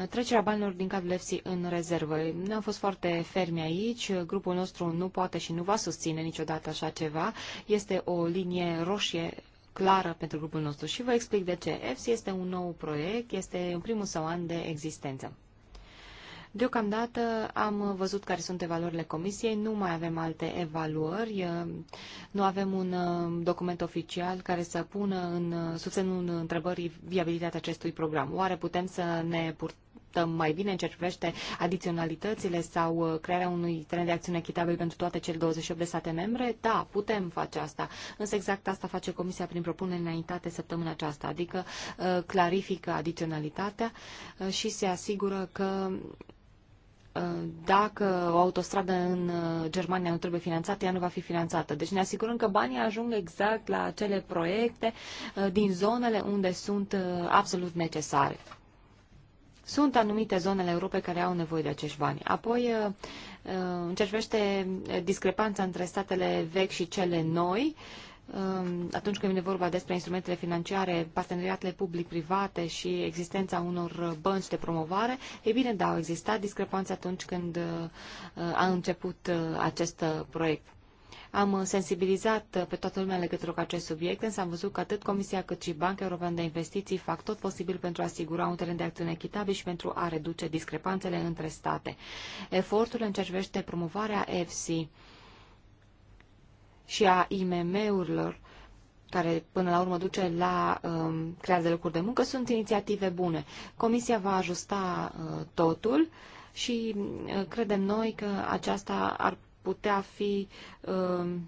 Trecerea banilor din cadrul EFSI în rezervă. Ne am fost foarte fermi aici. Grupul nostru nu poate și nu va susține niciodată așa ceva. Este o linie roșie clară pentru grupul nostru și vă explic de ce. EFSI este un nou proiect, este în primul său an de existență. Deocamdată am văzut care sunt evaluările comisiei, nu mai avem alte evaluări, eh, nu avem un eh, document oficial care să pună în sub întrebării viabilitatea acestui program. Oare putem să ne adaptăm mai bine în ceea ce privește adiționalitățile sau uh, crearea unui teren de acțiune echitabil pentru toate cele 28 de state membre? Da, putem face asta. Însă exact asta face Comisia prin propunere înaintate săptămâna aceasta, adică uh, clarifică adiționalitatea uh, și se asigură că dacă o autostradă în Germania nu trebuie finanțată, ea nu va fi finanțată. Deci ne asigurăm că banii ajung exact la acele proiecte din zonele unde sunt absolut necesare sunt anumite zone ale Europei care au nevoie de acești bani. Apoi, uh, uh, în ce privește uh, discrepanța între statele vechi și cele noi, um, atunci când vine vorba despre instrumentele financiare, parteneriatele public-private și existența unor bănci de promovare, e bine, da, au existat discrepanțe atunci când a început acest proiect. Am sensibilizat uh, pe toată lumea în legătură cu acest subiect, însă am văzut că atât Comisia cât și Banca Europeană de Investiții fac tot posibil pentru a asigura un teren de acțiune echitabil și pentru a reduce discrepanțele între state. Efortul în ceea ce privește promovarea EFSI și a IMM-urilor care până la urmă duce la um, crearea de locuri de muncă, sunt inițiative bune. Comisia va ajusta uh, totul și uh, credem noi că aceasta ar putea fi um,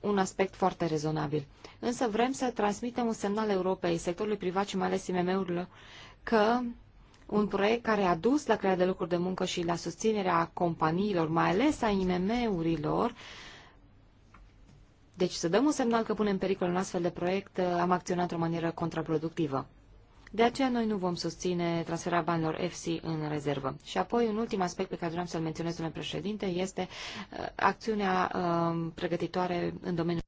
un aspect foarte rezonabil. Însă vrem să transmitem un semnal Europei, sectorului privat și mai ales IMM-urilor, că un proiect care a dus la crearea de locuri de muncă și la susținerea companiilor, mai ales a IMM-urilor, deci să dăm un semnal că punem în pericol un astfel de proiect, am acționat într-o manieră contraproductivă. De aceea noi nu vom susține transferarea banilor EFSI în rezervă. Și apoi, un ultim aspect pe care vreau să-l menționez, domnule președinte, este uh, acțiunea uh, pregătitoare în domeniul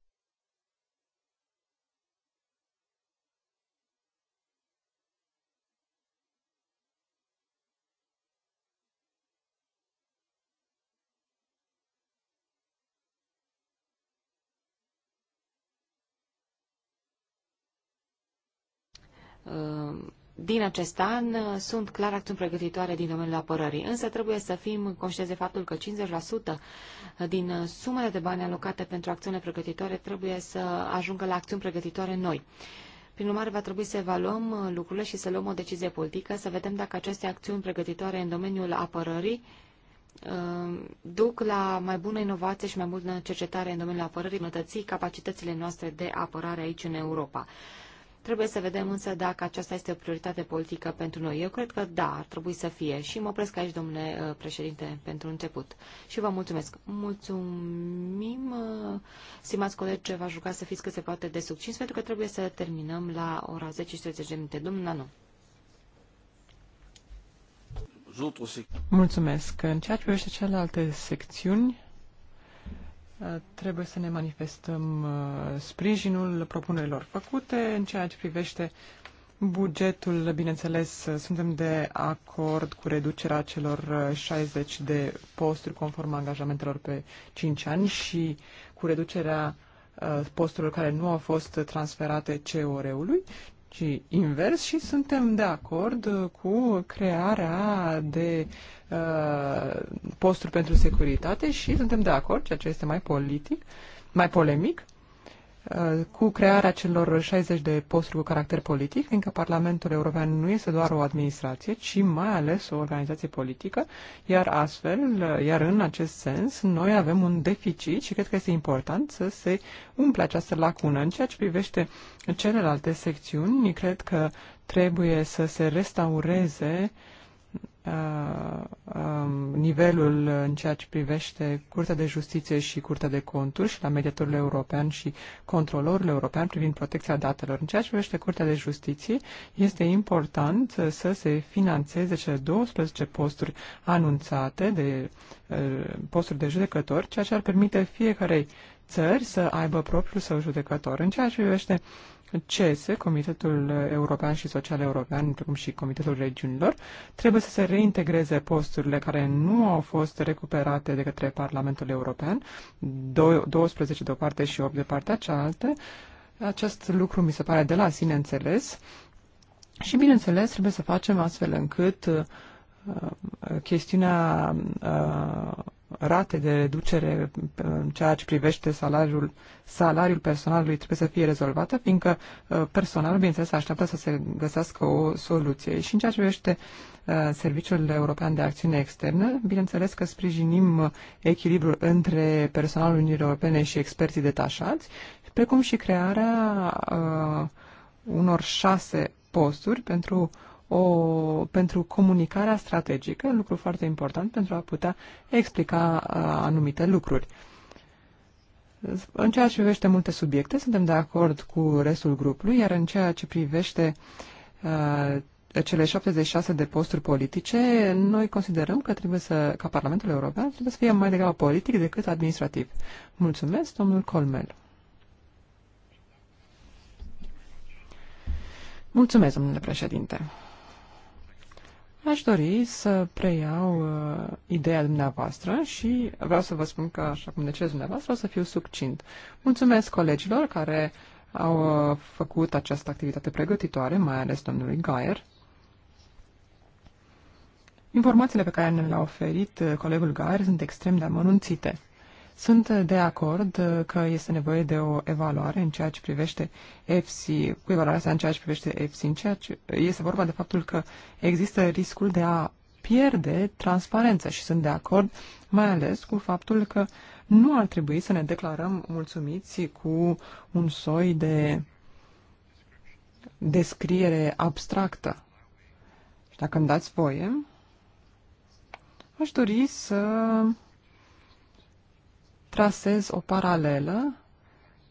din acest an uh, sunt clar acțiuni pregătitoare din domeniul apărării, însă trebuie să fim conștienți de faptul că 50% din uh, sumele de bani alocate pentru acțiune pregătitoare trebuie să ajungă la acțiuni pregătitoare noi. Prin urmare, va trebui să evaluăm uh, lucrurile și să luăm o decizie politică, să vedem dacă aceste acțiuni pregătitoare în domeniul apărării duc la mai bună inovație și mai bună cercetare în domeniul apărării, îmbunătăți capacitățile noastre de apărare aici în Europa. Trebuie să vedem însă dacă aceasta este o prioritate politică pentru noi. Eu cred că da, ar trebui să fie. Și mă opresc aici, domnule uh, președinte, pentru început. Și vă mulțumesc. Mulțumim, uh, stimați colegi, v-aș ruga să fiți cât se poate de succins, pentru că trebuie să terminăm la ora 10 și 30 de minute. Domnul nu. Mulțumesc. În ceea ce privește celelalte secțiuni, trebuie să ne manifestăm uh, sprijinul propunerilor făcute în ceea ce privește bugetul, bineînțeles, uh, suntem de acord cu reducerea celor 60 uh, de posturi conform angajamentelor pe 5 ani și cu reducerea posturilor care nu au fost transferate COR-ului, ci invers și suntem de acord cu crearea de uh, Uh, posturi pentru securitate și suntem de acord, ceea ce este mai politic, mai polemic, uh, cu crearea celor 60 de posturi cu caracter politic, fiindcă Parlamentul European nu este doar o administrație, ci mai ales o organizație politică, iar astfel, uh, iar în acest sens, noi avem un deficit și cred că este important să se umple această lacună. În ceea ce privește celelalte secțiuni, cred că trebuie să se restaureze uh, Uh, um, nivelul în ceea ce privește Curtea de Justiție și Curtea de Conturi și la mediatorul european și controlorul european privind protecția datelor. În ceea ce privește Curtea de Justiție, este important uh, să se financeze cele 12 posturi anunțate de uh, posturi de judecători, ceea ce ar permite fiecarei țări să aibă propriul său judecător. În ceea ce privește CESE, Comitetul European și Social European, precum și Comitetul Regiunilor, trebuie să se reintegreze posturile care nu au fost recuperate de către Parlamentul European, 12 de o parte și 8 de partea cealaltă. Acest lucru mi se pare de la sine înțeles și, bineînțeles, trebuie să facem astfel încât uh, uh chestiunea uh, rate de reducere uh, în ceea ce privește salariul, salariul personalului trebuie să fie rezolvată, fiindcă uh, personalul, bineînțeles, așteaptă să se găsească o soluție. Și în ceea ce privește uh, Serviciul European de Acțiune Externă, bineînțeles că sprijinim echilibrul între personalul Uniunii Europene și experții detașați, precum și crearea unor șase posturi pentru uh, o, pentru comunicarea strategică, lucru foarte important pentru a putea explica anumite lucruri. În ceea ce privește multe subiecte, suntem de acord cu restul grupului, iar în ceea ce privește a, cele 76 de posturi politice, noi considerăm că trebuie să, ca Parlamentul European, trebuie să fie mai degrabă politic decât administrativ. Mulțumesc, domnul Colmel. Mulțumesc, domnule președinte. Aș dori să preiau uh, ideea dumneavoastră și vreau să vă spun că, așa cum decideți dumneavoastră, o să fiu succint. Mulțumesc colegilor care au uh, făcut această activitate pregătitoare, mai ales domnului Gaier. Informațiile pe care ne le-a oferit uh, colegul Gaier sunt extrem de amănunțite. Sunt de acord că este nevoie de o evaluare în ceea ce privește EFSI, cu evaluarea asta în ceea ce privește EFSI, în ceea ce este vorba de faptul că există riscul de a pierde transparență și sunt de acord mai ales cu faptul că nu ar trebui să ne declarăm mulțumiți cu un soi de descriere abstractă. Și dacă îmi dați voie, aș dori să trasez o paralelă,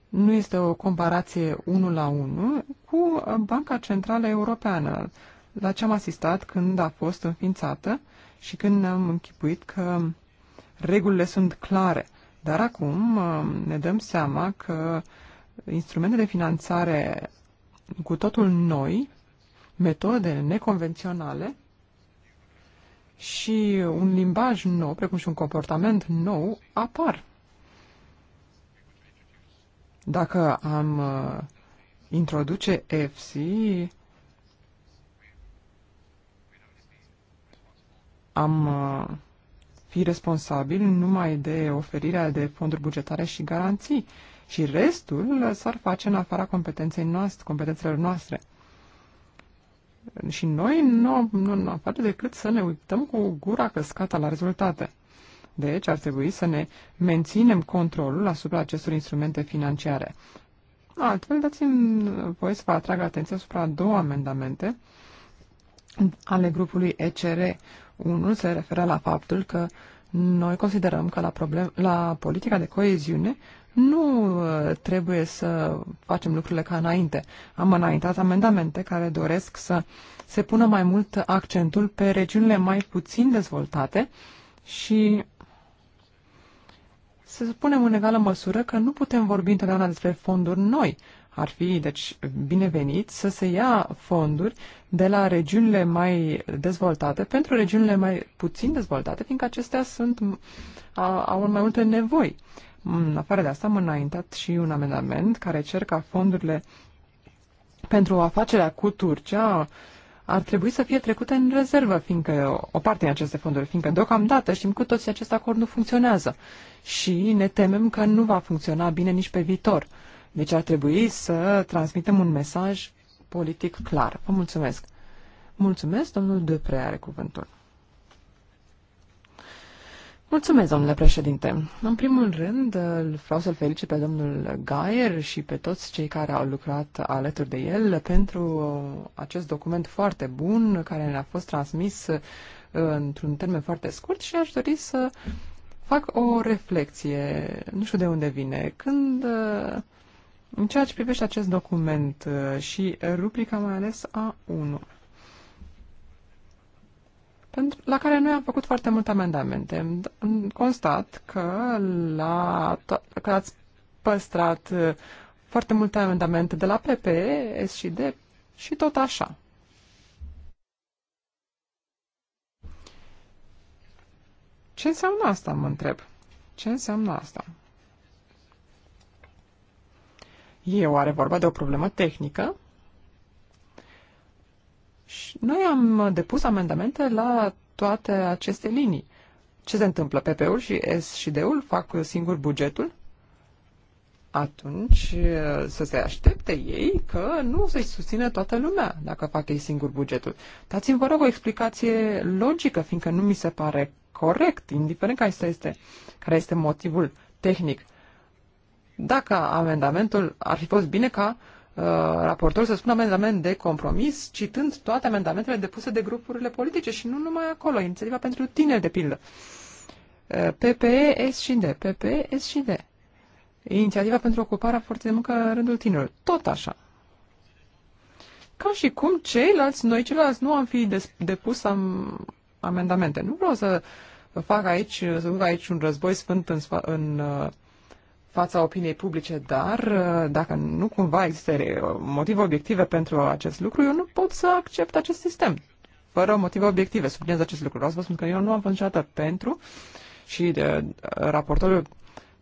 nu este o comparație 1 la 1, cu Banca Centrală Europeană, la ce am asistat când a fost înființată și când ne-am închipuit că regulile sunt clare. Dar acum um, ne dăm seama că instrumentele de finanțare cu totul noi, metode neconvenționale și un limbaj nou, precum și un comportament nou, apar. Dacă am uh, introduce FC, am uh, fi responsabil numai de oferirea de fonduri bugetare și garanții și restul s-ar face în afara competenței noastre, competențelor noastre. Și noi nu, nu, nu am face decât să ne uităm cu gura căscată la rezultate. Deci ar trebui să ne menținem controlul asupra acestor instrumente financiare. Altfel, dați-mi voie să vă atrag atenția asupra două amendamente ale grupului ECR. Unul se referă la faptul că noi considerăm că la, problem, la politica de coeziune nu uh, trebuie să facem lucrurile ca înainte. Am înaintat amendamente care doresc să se pună mai mult accentul pe regiunile mai puțin dezvoltate și să spunem în egală măsură că nu putem vorbi întotdeauna despre fonduri noi. Ar fi, deci, binevenit să se ia fonduri de la regiunile mai dezvoltate pentru regiunile mai puțin dezvoltate, fiindcă acestea sunt, au mai multe nevoi. În afară de asta am înaintat și un amendament care cer ca fondurile pentru afacerea cu Turcia, ar trebui să fie trecute în rezervă, fiindcă o parte din aceste fonduri, fiindcă deocamdată știm cu toții acest acord nu funcționează și ne temem că nu va funcționa bine nici pe viitor. Deci ar trebui să transmitem un mesaj politic clar. Vă mulțumesc. Mulțumesc, domnul Dupre are cuvântul. Mulțumesc, domnule președinte. În primul rând, vreau să-l felicit pe domnul Gaier și pe toți cei care au lucrat alături de el pentru uh, acest document foarte bun care ne-a fost transmis uh, într-un termen foarte scurt și aș dori să fac o reflexie, nu știu de unde vine, când uh, în ceea ce privește acest document și rubrica mai ales A1 la care noi am făcut foarte multe amendamente. Constat că, la că ați păstrat uh, foarte multe amendamente de la PP, S și D și tot așa. Ce înseamnă asta, mă întreb? Ce înseamnă asta? E oare vorba de o problemă tehnică? Și noi am depus amendamente la toate aceste linii. Ce se întâmplă? PP-ul și S și D-ul fac singur bugetul? Atunci uh, să se aștepte ei că nu să-i susține toată lumea dacă fac ei singur bugetul. Dați-mi, vă rog, o explicație logică, fiindcă nu mi se pare corect, indiferent care este, care este motivul tehnic. Dacă amendamentul ar fi fost bine ca uh, Uh, raportor să spună amendament de compromis, citând toate amendamentele depuse de grupurile politice și nu numai acolo, inițiativa pentru tineri, de pildă. Uh, PPE, S și D, PPE, S și D. Inițiativa pentru ocuparea forței de muncă în rândul tinerilor. Tot așa. Ca și cum ceilalți, noi ceilalți nu am fi depus am, amendamente. Nu vreau să fac aici, să fac aici un război sfânt în, în uh, fața opiniei publice, dar uh, dacă nu cumva există motive obiective pentru acest lucru, eu nu pot să accept acest sistem. Fără motive obiective, subliniez acest lucru. Vreau să vă spun că eu nu am fost niciodată pentru și de, uh, raportorul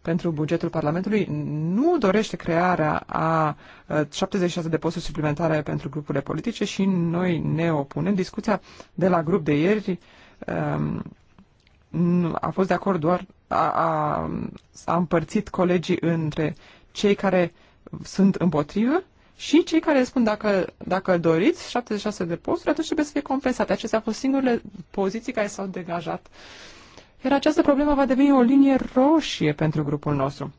pentru bugetul Parlamentului nu dorește crearea a 76 uh, de posturi suplimentare pentru grupurile politice și noi ne opunem. Discuția de la grup de ieri um, a fost de acord doar a, a, a împărțit colegii între cei care sunt împotrivă și cei care spun dacă, dacă doriți 76 de posturi, atunci trebuie să fie compensate. Acestea au fost singurele poziții care s-au degajat. Iar această problemă va deveni o linie roșie pentru grupul nostru.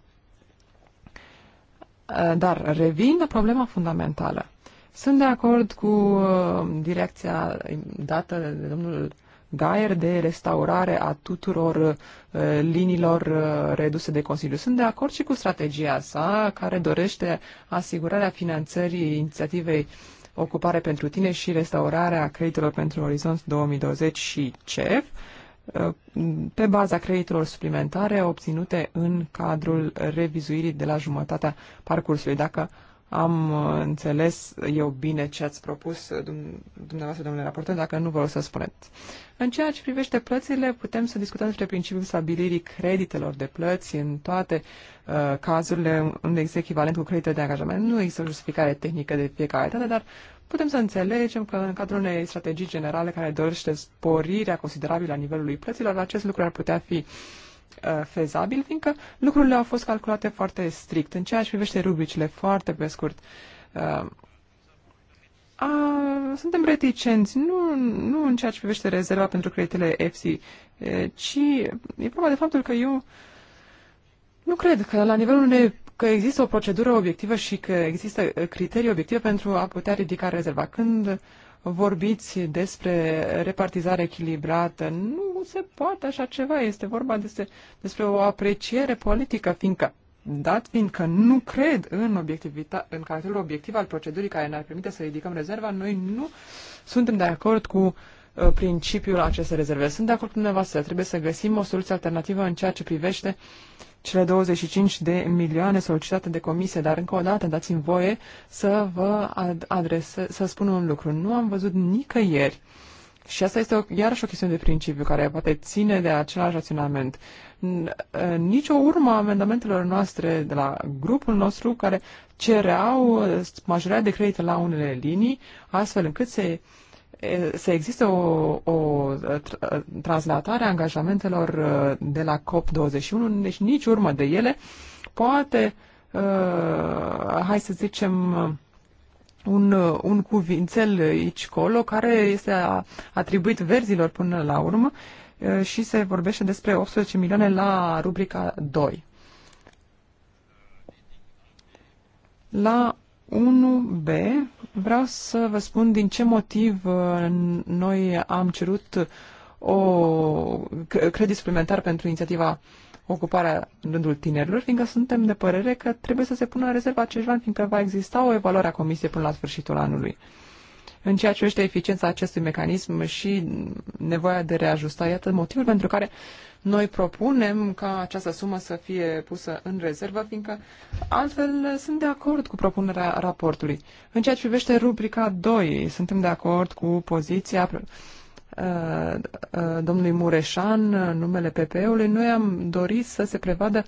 Dar revin la problema fundamentală. Sunt de acord cu uh, direcția dată de domnul Gaier de restaurare a tuturor uh, liniilor uh, reduse de Consiliu. Sunt de acord și cu strategia sa, care dorește asigurarea finanțării inițiativei Ocupare pentru tine și restaurarea creditelor pentru Orizont 2020 și CEF uh, pe baza creditelor suplimentare obținute în cadrul revizuirii de la jumătatea parcursului. Dacă am uh, înțeles eu bine ce ați propus uh, dumneavoastră, domnule raportor, dacă nu vă o să spuneți. În ceea ce privește plățile, putem să discutăm despre principiul stabilirii creditelor de plăți în toate uh, cazurile unde există echivalent cu credite de angajament. Nu există o justificare tehnică de fiecare dată, dar putem să înțelegem că în cadrul unei strategii generale care dorește sporirea considerabilă a nivelului plăților, acest lucru ar putea fi uh, Uh, fezabil, fiindcă lucrurile au fost calculate foarte strict. În ceea ce privește rubricile, foarte pe scurt, uh, a, suntem reticenți, nu, nu în ceea ce privește rezerva pentru creditele EFSI, uh, ci e vorba de faptul că eu nu cred că la nivelul unei că există o procedură obiectivă și că există criterii obiective pentru a putea ridica rezerva. Când vorbiți despre repartizare echilibrată. Nu se poate așa ceva. Este vorba despre, despre o apreciere politică, fiindcă dat fiindcă nu cred în, obiectivita- în caracterul obiectiv al procedurii care ne-ar permite să ridicăm rezerva, noi nu suntem de acord cu uh, principiul acestei rezerve. Sunt de acord cu dumneavoastră, trebuie să găsim o soluție alternativă în ceea ce privește uh, cele 25 de milioane solicitate de comisie, dar încă o dată dați-mi voie să vă adrese, să spun un lucru. Nu am văzut nicăieri și asta este o, iarăși o chestiune de principiu care poate ține de același raționament. Eh, Nici o urmă a amendamentelor noastre de la grupul nostru care cereau eh, majoritatea de credite la unele linii, astfel încât se să existe o, o translatare a angajamentelor uh, de la COP21, deci nici urmă de ele, poate, uh, hai să zicem, un, un cuvințel aici colo care este atribuit verzilor până la urmă uh, și se vorbește despre 18 milioane la rubrica 2. La 1B, vreau să vă spun din ce motiv uh, noi am cerut o credit suplimentar pentru inițiativa ocuparea în rândul tinerilor, fiindcă suntem de părere că trebuie să se pună în rezervă acești bani, fiindcă va exista o evaluare a comisiei până la sfârșitul anului în ceea ce este eficiența acestui mecanism și nevoia de reajustare. Iată motivul pentru care noi propunem ca această sumă să fie pusă în rezervă, fiindcă altfel sunt de acord cu propunerea raportului. În ceea ce privește rubrica 2, suntem de acord cu poziția Uh, uh, domnului Mureșan, uh, numele PPE-ului, noi am dorit să se prevadă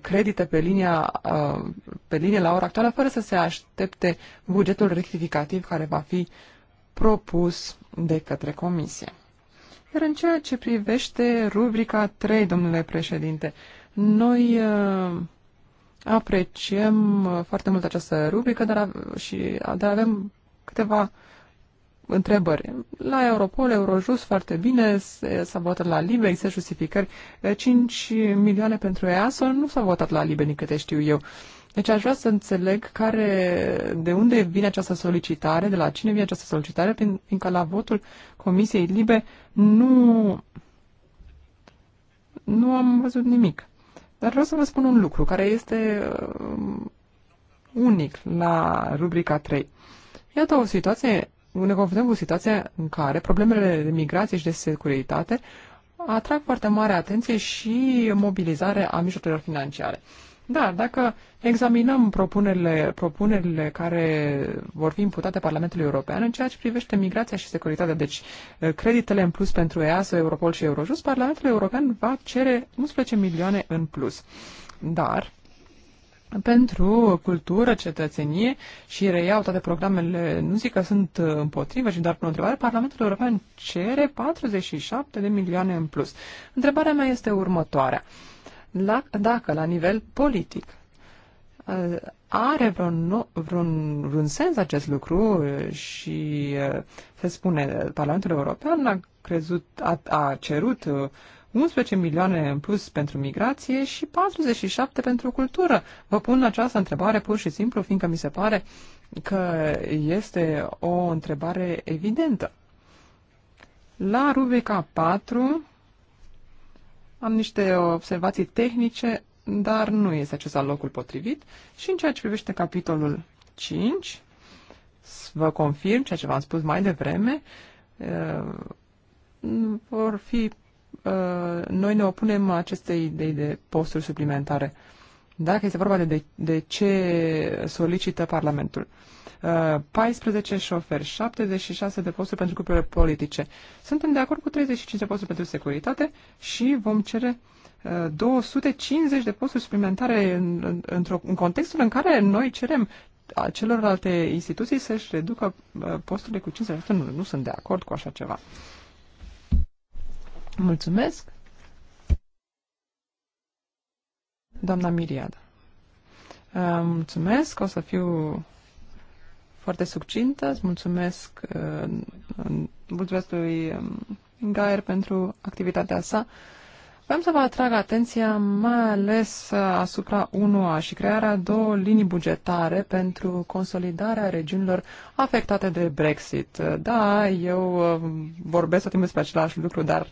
credite pe linia, pe linie la ora actuală, fără să se aștepte bugetul rectificativ care va fi propus de către Comisie. Iar în ceea ce privește rubrica 3, domnule președinte, noi apreciem foarte mult această rubrică, dar, și, dar avem câteva întrebări. La Europol, Eurojust, foarte bine, s-a votat la Libe, există justificări. 5 eh, milioane pentru EASO nu s-a votat la Libe, nici câte știu eu. Deci aș vrea să înțeleg care, de unde vine această solicitare, de la cine vine această solicitare, fiindcă la votul Comisiei Libe nu, nu am văzut nimic. Dar vreau să vă spun un lucru care este um, unic la rubrica 3. Iată o situație ne confruntăm cu situația în care problemele de migrație și de securitate atrag foarte mare atenție și mobilizare a mijloacelor financiare. Dar dacă examinăm propunerile, propunerile care vor fi imputate Parlamentului European în ceea ce privește migrația și securitatea, deci eh, creditele în plus pentru EASO, Europol și Eurojust, Parlamentul European va cere 11 milioane în plus. Dar pentru cultură, cetățenie și reiau toate programele, nu zic că sunt împotrivă, ci doar pe o întrebare, Parlamentul European cere 47 de milioane în plus. Întrebarea mea este următoarea. La, dacă la nivel politic uh, are vreun, vreun, vreun sens acest lucru uh, și uh, se spune Parlamentul European a crezut, a, a cerut 11 milioane în plus pentru migrație și 47 pentru cultură. Vă pun această întrebare pur și simplu, fiindcă mi se pare că este o întrebare evidentă. La rubrica 4 am niște observații tehnice, dar nu este acesta locul potrivit. Și în ceea ce privește capitolul 5, vă confirm ceea ce v-am spus mai devreme, eh, vor fi Uh, noi ne opunem acestei idei de posturi suplimentare. Dacă este vorba de, de, de ce solicită Parlamentul. 14 uh, șoferi, 76 de posturi pentru grupurile politice. Suntem de acord cu 35 de posturi pentru securitate și vom cere 250 uh, de posturi suplimentare în, într-o, în contextul în care noi cerem celorlalte instituții să-și reducă posturile cu 50%. Nu, nu sunt de acord cu așa ceva. Mulțumesc. Doamna Miriada. Uh, mulțumesc, o să fiu foarte succintă. mulțumesc, uh, mulțumesc lui um, Gaer pentru activitatea sa. Vreau să vă atrag atenția mai ales uh, asupra 1A și crearea două linii bugetare pentru consolidarea regiunilor afectate de Brexit. Da, eu vorbesc tot timpul despre același lucru, dar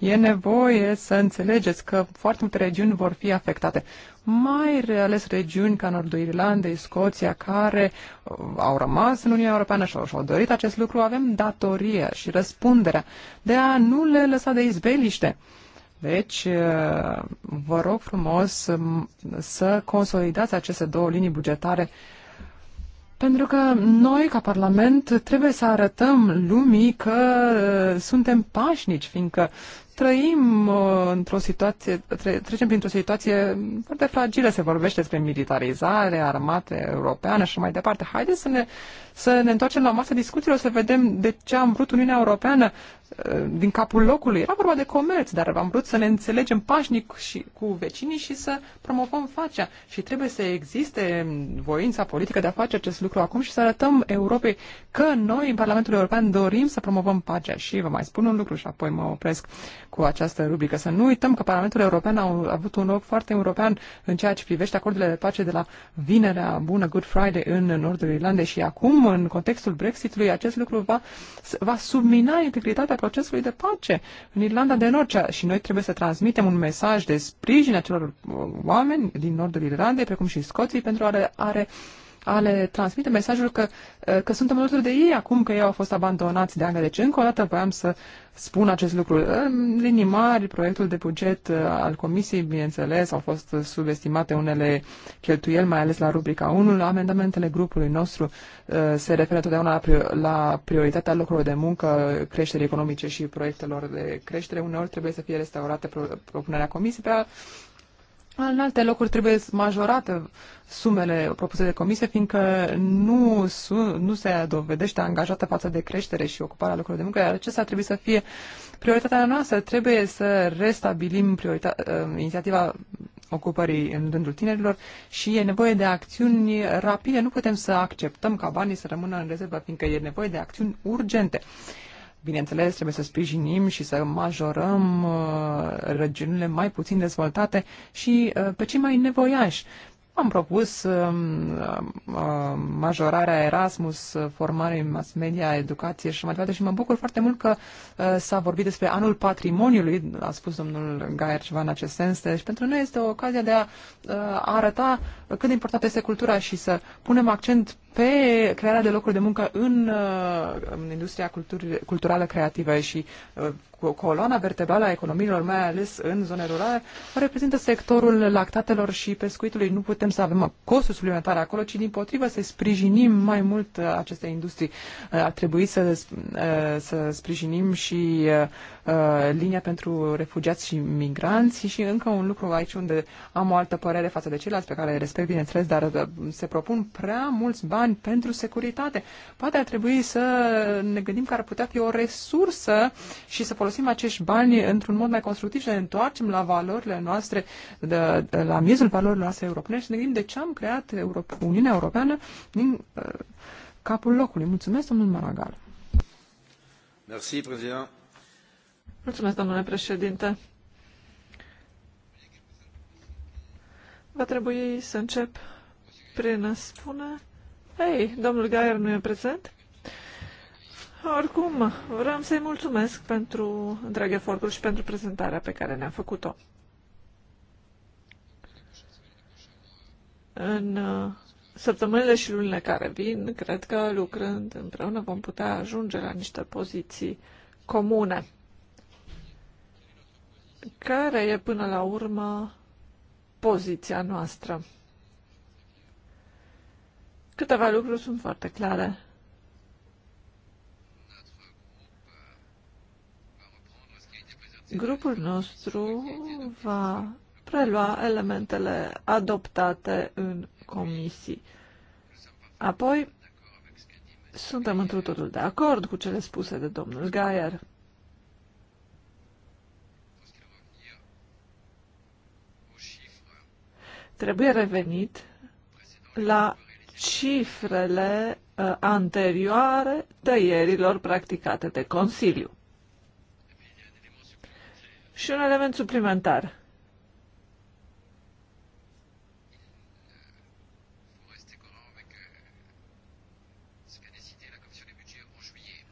E nevoie să înțelegeți că foarte multe regiuni vor fi afectate. Mai ales regiuni ca Nordul Irlandei, Scoția, care uh, au rămas în Uniunea Europeană și au dorit acest lucru, avem datoria și răspunderea de a nu le lăsa de izbeliște. Deci, uh, vă rog frumos um, să consolidați aceste două linii bugetare pentru că noi, ca Parlament, trebuie să arătăm lumii că uh, suntem pașnici, fiindcă trăim uh, într-o situație, tre- trecem printr-o situație foarte fragilă. Se vorbește despre militarizare, armate europeană și mai departe. Haideți să ne, să ne întoarcem la masa discuțiilor, să vedem de ce am vrut Uniunea Europeană uh, din capul locului. Era vorba de comerț, dar am vrut să ne înțelegem pașnic și cu vecinii și să promovăm facea. Și trebuie să existe voința politică de a face acest lucru acum și să arătăm Europei că noi în Parlamentul European dorim să promovăm pacea. Și vă mai spun un lucru și apoi mă opresc cu această rubrică. Să nu uităm că Parlamentul European a avut un loc foarte european în ceea ce privește acordurile de pace de la vinerea bună Good Friday în nordul Irlandei și acum, în contextul Brexitului, acest lucru va, va submina integritatea procesului de pace în Irlanda de Nord și noi trebuie să transmitem un mesaj de sprijin acelor uh, oameni din nordul Irlandei, precum și Scoții, pentru a, a, a le transmite mesajul că, că suntem alături de ei acum că ei au fost abandonați de ani. Deci, încă o dată voiam să spun acest lucru. În linii mari, proiectul de buget al Comisiei, bineînțeles, au fost subestimate unele cheltuieli, mai ales la rubrica 1. Amendamentele grupului nostru se referă totdeauna la prioritatea locurilor de muncă, creșterii economice și proiectelor de creștere. Uneori trebuie să fie restaurate propunerea Comisiei pe în alte locuri trebuie majorate sumele propuse de comisie, fiindcă nu, nu se dovedește angajată față de creștere și ocuparea locurilor de muncă, iar acesta trebuie să fie prioritatea noastră. Trebuie să restabilim priorita- uh, inițiativa ocupării în rândul tinerilor și e nevoie de acțiuni rapide. Nu putem să acceptăm ca banii să rămână în rezervă, fiindcă e nevoie de acțiuni urgente. Bineînțeles, trebuie să sprijinim și să majorăm uh, regiunile mai puțin dezvoltate și uh, pe cei mai nevoiași. Am propus um, uh, majorarea Erasmus, formare în mass media, educație și mai departe și mă bucur foarte mult că s-a vorbit despre anul patrimoniului, a spus domnul Gaier ceva în acest sens, deci pentru noi este o ocazie de a arăta cât de importantă este cultura și să punem accent pe crearea de locuri de muncă în, uh, în industria cultur, culturală creativă și uh, cu coloana vertebrală a economiilor, mai ales în zone rurale, reprezintă sectorul lactatelor și pescuitului. Nu putem să avem costuri suplimentare acolo, ci din potrivă să sprijinim mai mult uh, aceste industrii. Ar trebui să, să sprijinim și Uh, linia pentru refugiați și migranți și încă un lucru aici unde am o altă părere față de ceilalți pe care le respect, bineînțeles, dar uh, se propun prea mulți bani pentru securitate. Poate ar trebui să ne gândim că ar putea fi o resursă și să folosim acești bani într-un mod mai constructiv și să ne întoarcem la valorile noastre, de, de, la miezul valorilor noastre europene și să ne gândim de ce am creat Europa, Uniunea Europeană din uh, capul locului. Mulțumesc, domnul Maragal. Merci, président. Mulțumesc, domnule președinte. Va trebui să încep prin a spune Hei, domnul Gaier nu e prezent? Oricum, vreau să-i mulțumesc pentru întreg efortul și pentru prezentarea pe care ne-a făcut-o. În uh, săptămânile și lunile care vin, cred că lucrând împreună vom putea ajunge la niște poziții comune care e până la urmă poziția noastră. Câteva lucruri sunt foarte clare. Grupul nostru va prelua elementele adoptate în comisii. Apoi, suntem într totul de acord cu cele spuse de domnul Gaier. Trebuie revenit la cifrele uh, anterioare tăierilor practicate de Consiliu. Și un element suplimentar.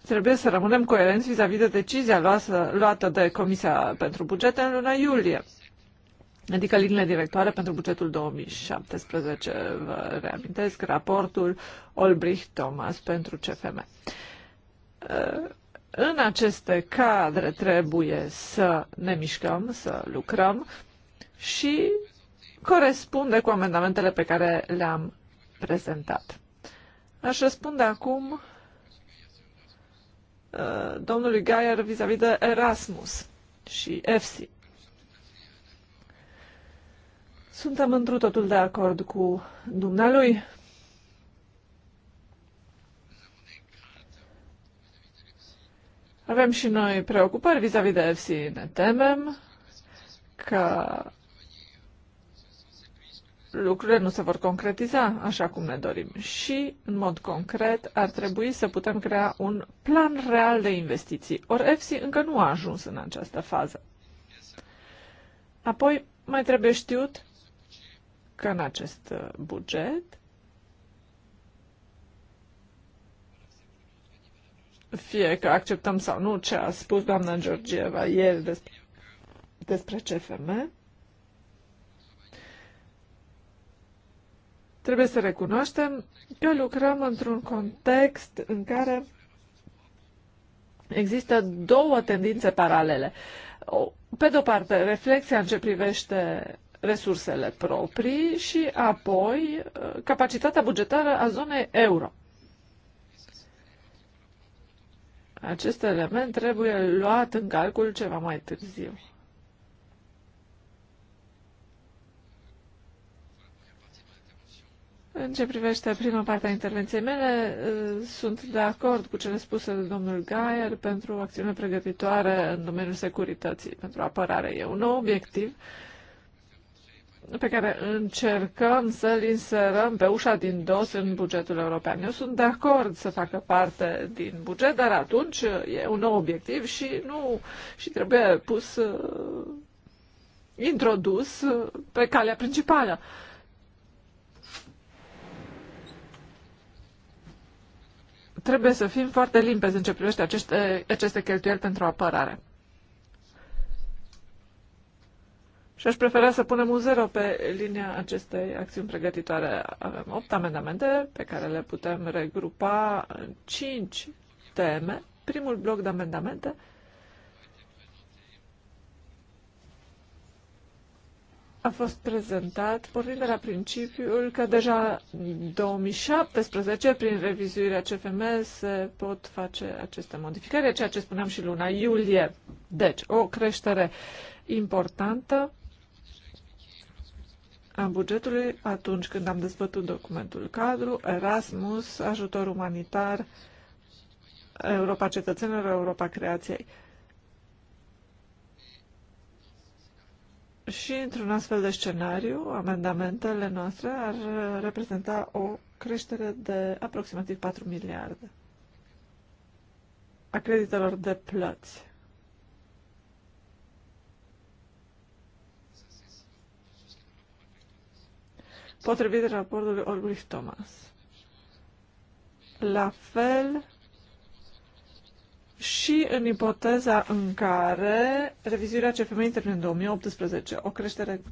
Trebuie să rămânem coerenți vis-a-vis -vis de decizia luată de Comisia pentru Bugete în luna iulie. Adică liniile directoare pentru bugetul 2017. Vă reamintesc raportul Olbrich-Thomas pentru CFM. Eh, în aceste cadre trebuie să ne mișcăm, să lucrăm și corespunde cu amendamentele pe care le-am prezentat. Aș răspunde acum eh, domnului Gaier vis-a-vis de Erasmus și EFSI. Suntem întru totul de acord cu dumnealui. Avem și noi preocupări vis-a-vis -vis de FC. Ne temem că lucrurile nu se vor concretiza așa cum ne dorim și, în mod concret, ar trebui să putem crea un plan real de investiții. Ori EFSI încă nu a ajuns în această fază. Apoi, mai trebuie știut ca în acest uh, buget. Fie că acceptăm sau nu ce a spus doamna Georgieva ieri despre, despre CFM, trebuie să recunoaștem că lucrăm într-un context în care există două tendințe paralele. Pe de o parte, reflexia în ce privește resursele proprii și apoi uh, capacitatea bugetară a zonei euro. Acest element trebuie luat în calcul ceva mai târziu. În ce privește prima parte a intervenției mele, uh, sunt de acord cu cele spuse de domnul Gaier pentru acțiune pregătitoare în domeniul securității, pentru apărare. E un nou obiectiv pe care încercăm să-l inserăm pe ușa din dos în bugetul european. Eu sunt de acord să facă parte din buget, dar atunci e un nou obiectiv și nu și trebuie pus uh, introdus uh, pe calea principală. Trebuie să fim foarte limpezi în ce privește aceste, aceste cheltuieli pentru apărare. Și aș prefera să punem un zero pe linia acestei acțiuni pregătitoare. Avem opt amendamente pe care le putem regrupa în cinci teme. Primul bloc de amendamente a fost prezentat pornind de la principiul că deja în 2017, prin revizuirea CFM, se pot face aceste modificări, ceea ce spuneam și luna iulie. Deci, o creștere importantă în bugetului atunci când am dezbătut documentul cadru, Erasmus, ajutor umanitar, Europa cetățenilor, Europa creației. Și într-un astfel de scenariu, amendamentele noastre ar reprezenta o creștere de aproximativ 4 miliarde a creditelor de plăți. potrivit raportului Olbrich Thomas. La fel și în ipoteza în care revizuirea CFM intervine în 2018, o creștere cu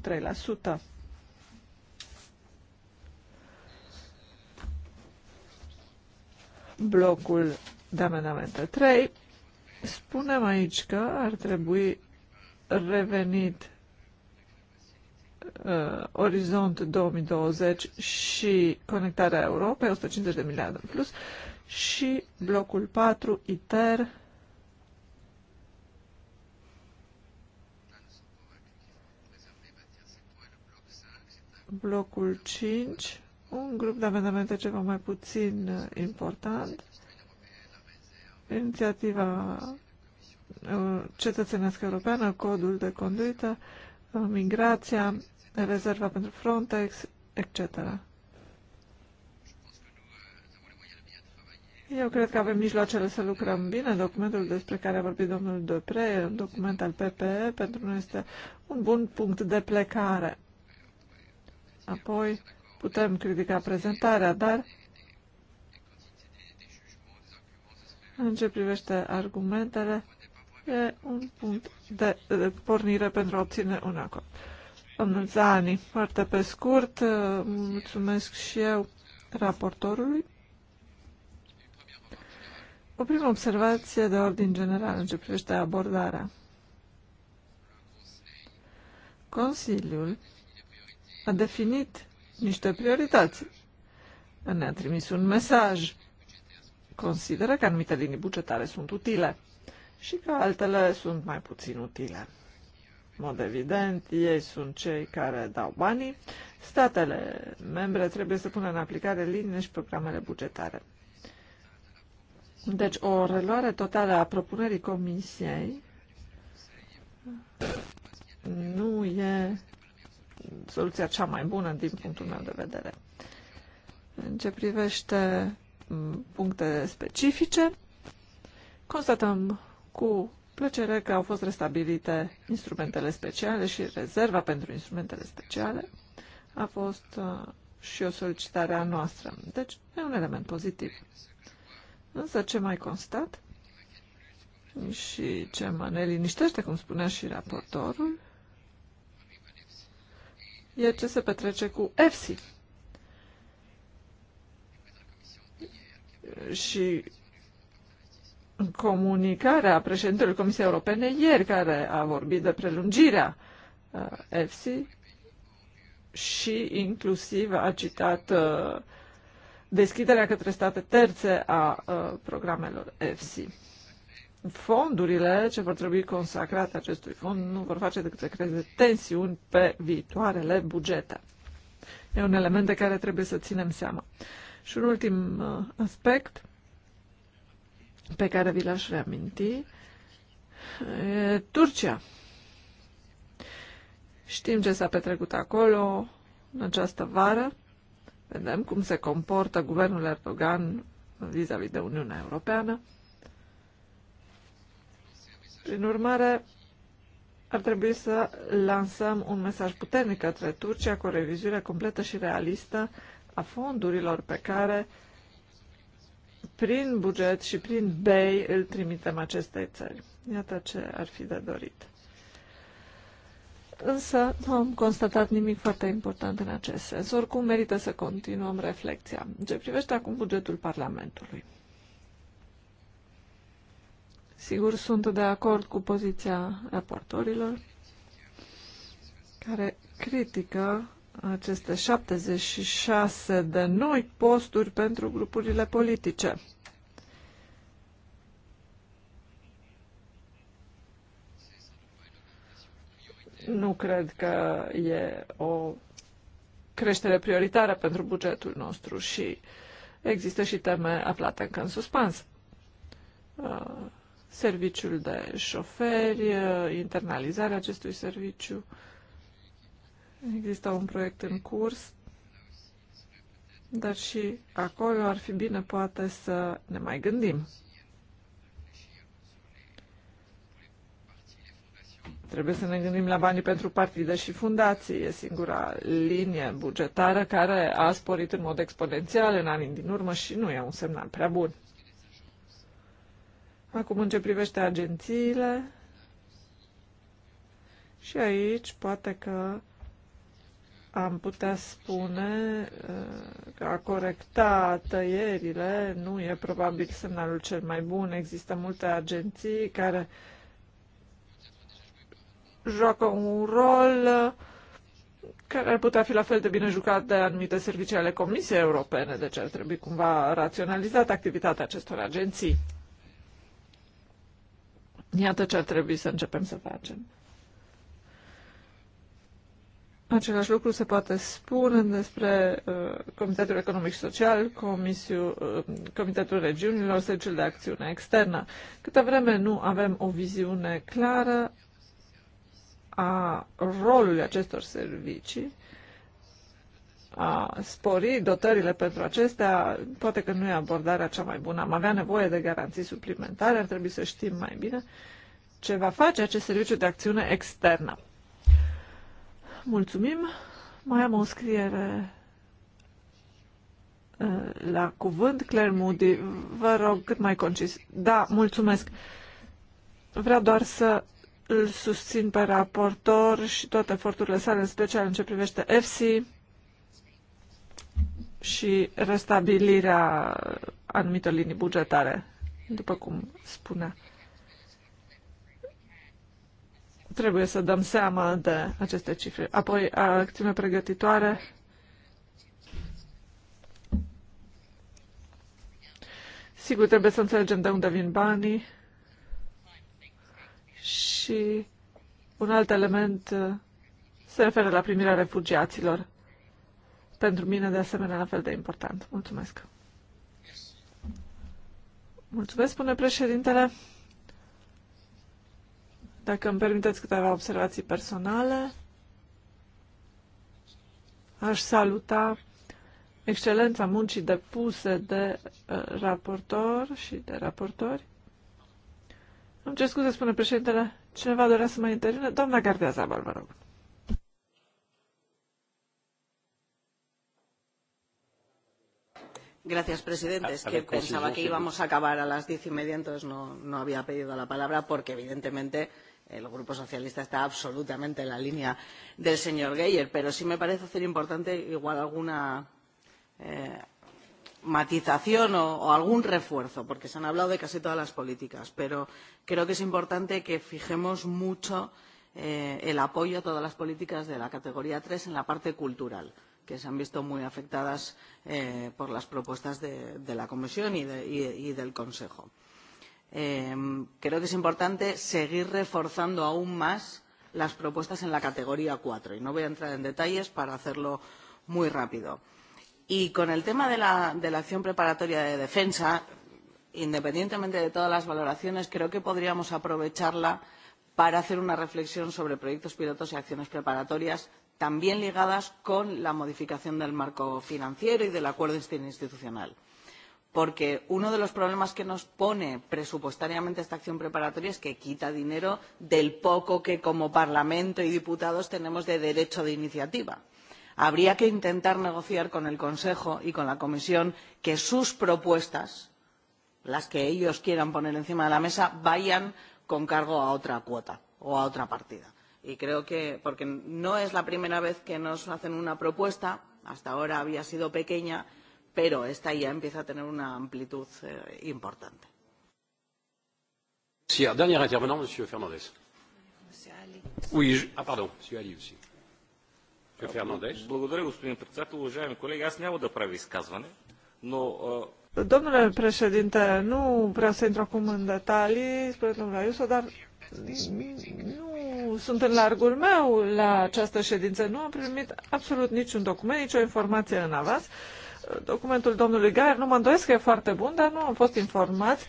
3%. Blocul de amendamente 3, spunem aici că ar trebui revenit uh, Orizont 2020 și Conectarea Europei, 150 de miliarde în plus, și blocul 4, ITER, blocul 5, un grup de amendamente ceva mai puțin uh, important, inițiativa uh, cetățenească europeană, codul de conduită, uh, migrația, rezerva pentru Frontex, etc. Eu cred că avem mijloacele să lucrăm bine. Documentul despre care a vorbit domnul Dupre un document al PPE, pentru noi este un bun punct de plecare. Apoi putem critica prezentarea, dar în ce privește argumentele, e un punct de, de pornire pentru a obține un acord. Domnul Zani, foarte pe scurt, uh, mulțumesc și eu raportorului. O primă observație de ordin general în ce privește abordarea. Consiliul a definit niște priorități. Ne-a trimis un mesaj. Consideră că anumite linii bugetare sunt utile și că altele sunt mai puțin utile mod evident, ei sunt cei care dau banii. Statele membre trebuie să pună în aplicare linii și programele bugetare. Deci o reluare totală a propunerii Comisiei nu e soluția cea mai bună din punctul meu de vedere. În ce privește puncte specifice, constatăm cu plăcere că au fost restabilite instrumentele speciale și rezerva pentru instrumentele speciale a fost uh, și o solicitare a noastră. Deci e un element pozitiv. Însă ce mai constat și ce mă neliniștește, cum spunea și raportorul, e ce se petrece cu EFSI. Și comunicarea președintelui Comisiei Europene ieri, care a vorbit de prelungirea EFSI uh, și inclusiv a citat uh, deschiderea către state terțe a uh, programelor EFSI. Fondurile ce vor trebui consacrate acestui fond nu vor face decât să creeze tensiuni pe viitoarele bugete. E un element de care trebuie să ținem seama. Și un ultim aspect pe care vi l-aș reaminti e Turcia. Știm ce s-a petrecut acolo în această vară. Vedem cum se comportă guvernul Erdogan vis-a-vis -vis de Uniunea Europeană. Prin urmare, ar trebui să lansăm un mesaj puternic către Turcia cu o revizuire completă și realistă a fondurilor pe care prin buget și prin BEI îl trimitem acestei țări. Iată ce ar fi de dorit. Însă nu am constatat nimic foarte important în acest sens. Oricum merită să continuăm reflexia. Ce privește acum bugetul Parlamentului. Sigur, sunt de acord cu poziția raportorilor care critică aceste 76 de noi posturi pentru grupurile politice. Nu cred că e o creștere prioritară pentru bugetul nostru și există și teme aflate încă în suspans. Uh, serviciul de șoferi, uh, internalizarea acestui serviciu, Există un proiect în curs, dar și acolo ar fi bine poate să ne mai gândim. Trebuie să ne gândim la banii pentru partide și fundații. E singura linie bugetară care a sporit în mod exponențial în anii din urmă și nu e un semnal prea bun. Acum, în ce privește agențiile, și aici poate că am putea spune uh, că a corecta tăierile nu e probabil semnalul cel mai bun. Există multe agenții care joacă un rol uh, care ar putea fi la fel de bine jucat de anumite servicii ale Comisiei Europene, deci ar trebui cumva raționalizată activitatea acestor agenții. Iată ce ar trebui să începem să facem. Același lucru se poate spune despre uh, Comitetul Economic și Social, Comisiu, uh, Comitetul Regiunilor, Serviciul de Acțiune Externă. Câte vreme nu avem o viziune clară a rolului acestor servicii, a spori dotările pentru acestea, poate că nu e abordarea cea mai bună. Am avea nevoie de garanții suplimentare, ar trebui să știm mai bine ce va face acest serviciu de acțiune externă. Mulțumim. Mai am o scriere la cuvânt. Claire Moody, vă rog cât mai concis. Da, mulțumesc. Vreau doar să îl susțin pe raportor și toate eforturile sale, în special în ce privește FC și restabilirea anumitor linii bugetare, după cum spunea. Trebuie să dăm seama de aceste cifre. Apoi, acțiune pregătitoare. Sigur, trebuie să înțelegem de unde vin banii. Și un alt element uh, se referă la primirea refugiaților. Pentru mine, de asemenea, la fel de important. Mulțumesc. Mulțumesc, spune președintele. Dacă îmi permiteți câteva observații personale, aș saluta excelența muncii depuse de uh, raportor și de raportori. Îmi cer scuze, spune președintele, cineva dorea să mă intervine? Doamna Gardea Zabal, vă rog. Gracias, presidente. Es que pensaba que íbamos a acabar a las diez y media, entonces no, no había pedido la palabra porque, evidentemente, el Grupo Socialista está absolutamente en la línea del señor Geyer, pero sí me parece hacer importante igual alguna eh, matización o, o algún refuerzo, porque se han hablado de casi todas las políticas, pero creo que es importante que fijemos mucho eh, el apoyo a todas las políticas de la categoría 3 en la parte cultural que se han visto muy afectadas eh, por las propuestas de, de la Comisión y, de, y, y del Consejo. Eh, Eh, creo que es importante seguir reforzando aún más las propuestas en la categoría 4 y no voy a entrar en detalles para hacerlo muy rápido. Y con el tema de la, de la acción preparatoria de defensa, independientemente de todas las valoraciones, creo que podríamos aprovecharla para hacer una reflexión sobre proyectos pilotos y acciones preparatorias también ligadas con la modificación del marco financiero y del acuerdo interinstitucional porque uno de los problemas que nos pone presupuestariamente esta acción preparatoria es que quita dinero del poco que como Parlamento y diputados tenemos de derecho de iniciativa. Habría que intentar negociar con el Consejo y con la Comisión que sus propuestas, las que ellos quieran poner encima de la mesa, vayan con cargo a otra cuota o a otra partida. Y creo que, porque no es la primera vez que nos hacen una propuesta, hasta ahora había sido pequeña, pero esta ya empieza a tener una amplitud eh, importante. Sí, dernier intervenant, Monsieur Oui, je... ah pardon, Monsieur Ali aussi. Monsieur Благодаря, господин председател. Уважаеми колеги, аз няма да правя изказване, но Domnule președinte, nu vreau să intru acum în detalii, spre domnul Ayuso, dar nu sunt în largul meu la această ședință. Nu am primit absolut niciun document, nicio informație în avans documentul domnului Gaier, nu mă îndoiesc că e foarte bun, dar nu am fost informați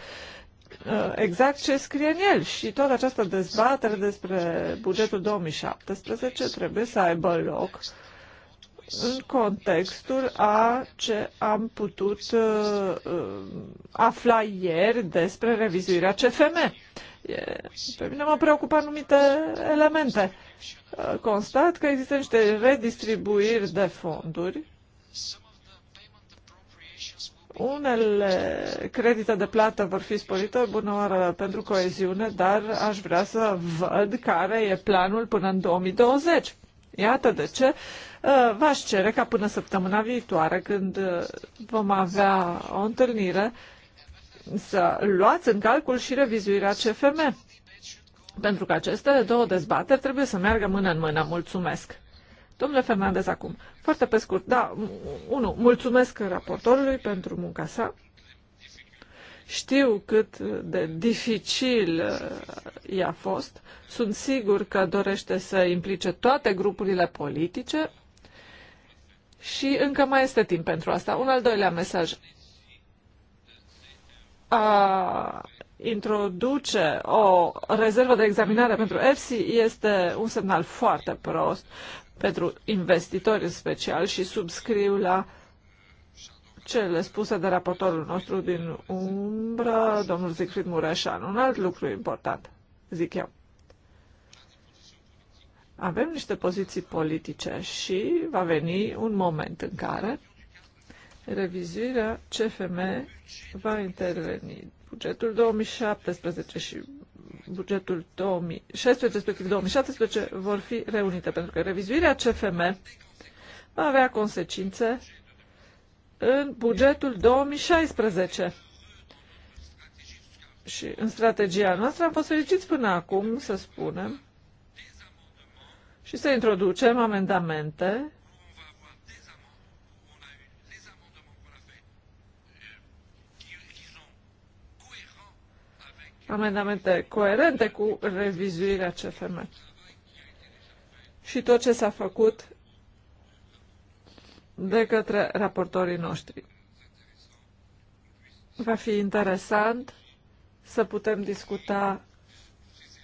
uh, exact ce scrie în el și toată această dezbatere despre bugetul 2017 trebuie să aibă loc în contextul a ce am putut uh, uh afla ieri despre revizuirea CFM. E, pe mine mă preocupă anumite elemente. Uh, constat că există niște redistribuiri de fonduri unele credite de plată vor fi sporite, bună oară, pentru coeziune, dar aș vrea să văd care e planul până în 2020. Iată de ce uh, v-aș cere ca până săptămâna viitoare, când uh, vom avea o întâlnire, să luați în calcul și revizuirea CFM. Pentru că aceste două dezbateri trebuie să meargă mână în mână. Mulțumesc! Domnule Fernandez, acum, foarte pe scurt, da, unu, mulțumesc raportorului pentru munca sa. Știu cât de dificil uh, i-a fost. Sunt sigur că dorește să implice toate grupurile politice și încă mai este timp pentru asta. Un al doilea mesaj. A introduce o rezervă de examinare pentru EFSI este un semnal foarte prost, pentru investitori în special și subscriu la cele spuse de raportorul nostru din umbră, domnul Zicfried Mureșan. Un alt lucru important, zic eu. Avem niște poziții politice și va veni un moment în care revizuirea CFM va interveni. Bugetul 2017 și bugetul 2016, respectiv 2017, vor fi reunite, pentru că revizuirea CFM va avea consecințe în bugetul 2016. Și în strategia noastră am fost fericiți până acum, să spunem, și să introducem amendamente amendamente coerente cu revizuirea CFM. Și tot ce s-a făcut de către raportorii noștri. Va fi interesant să putem discuta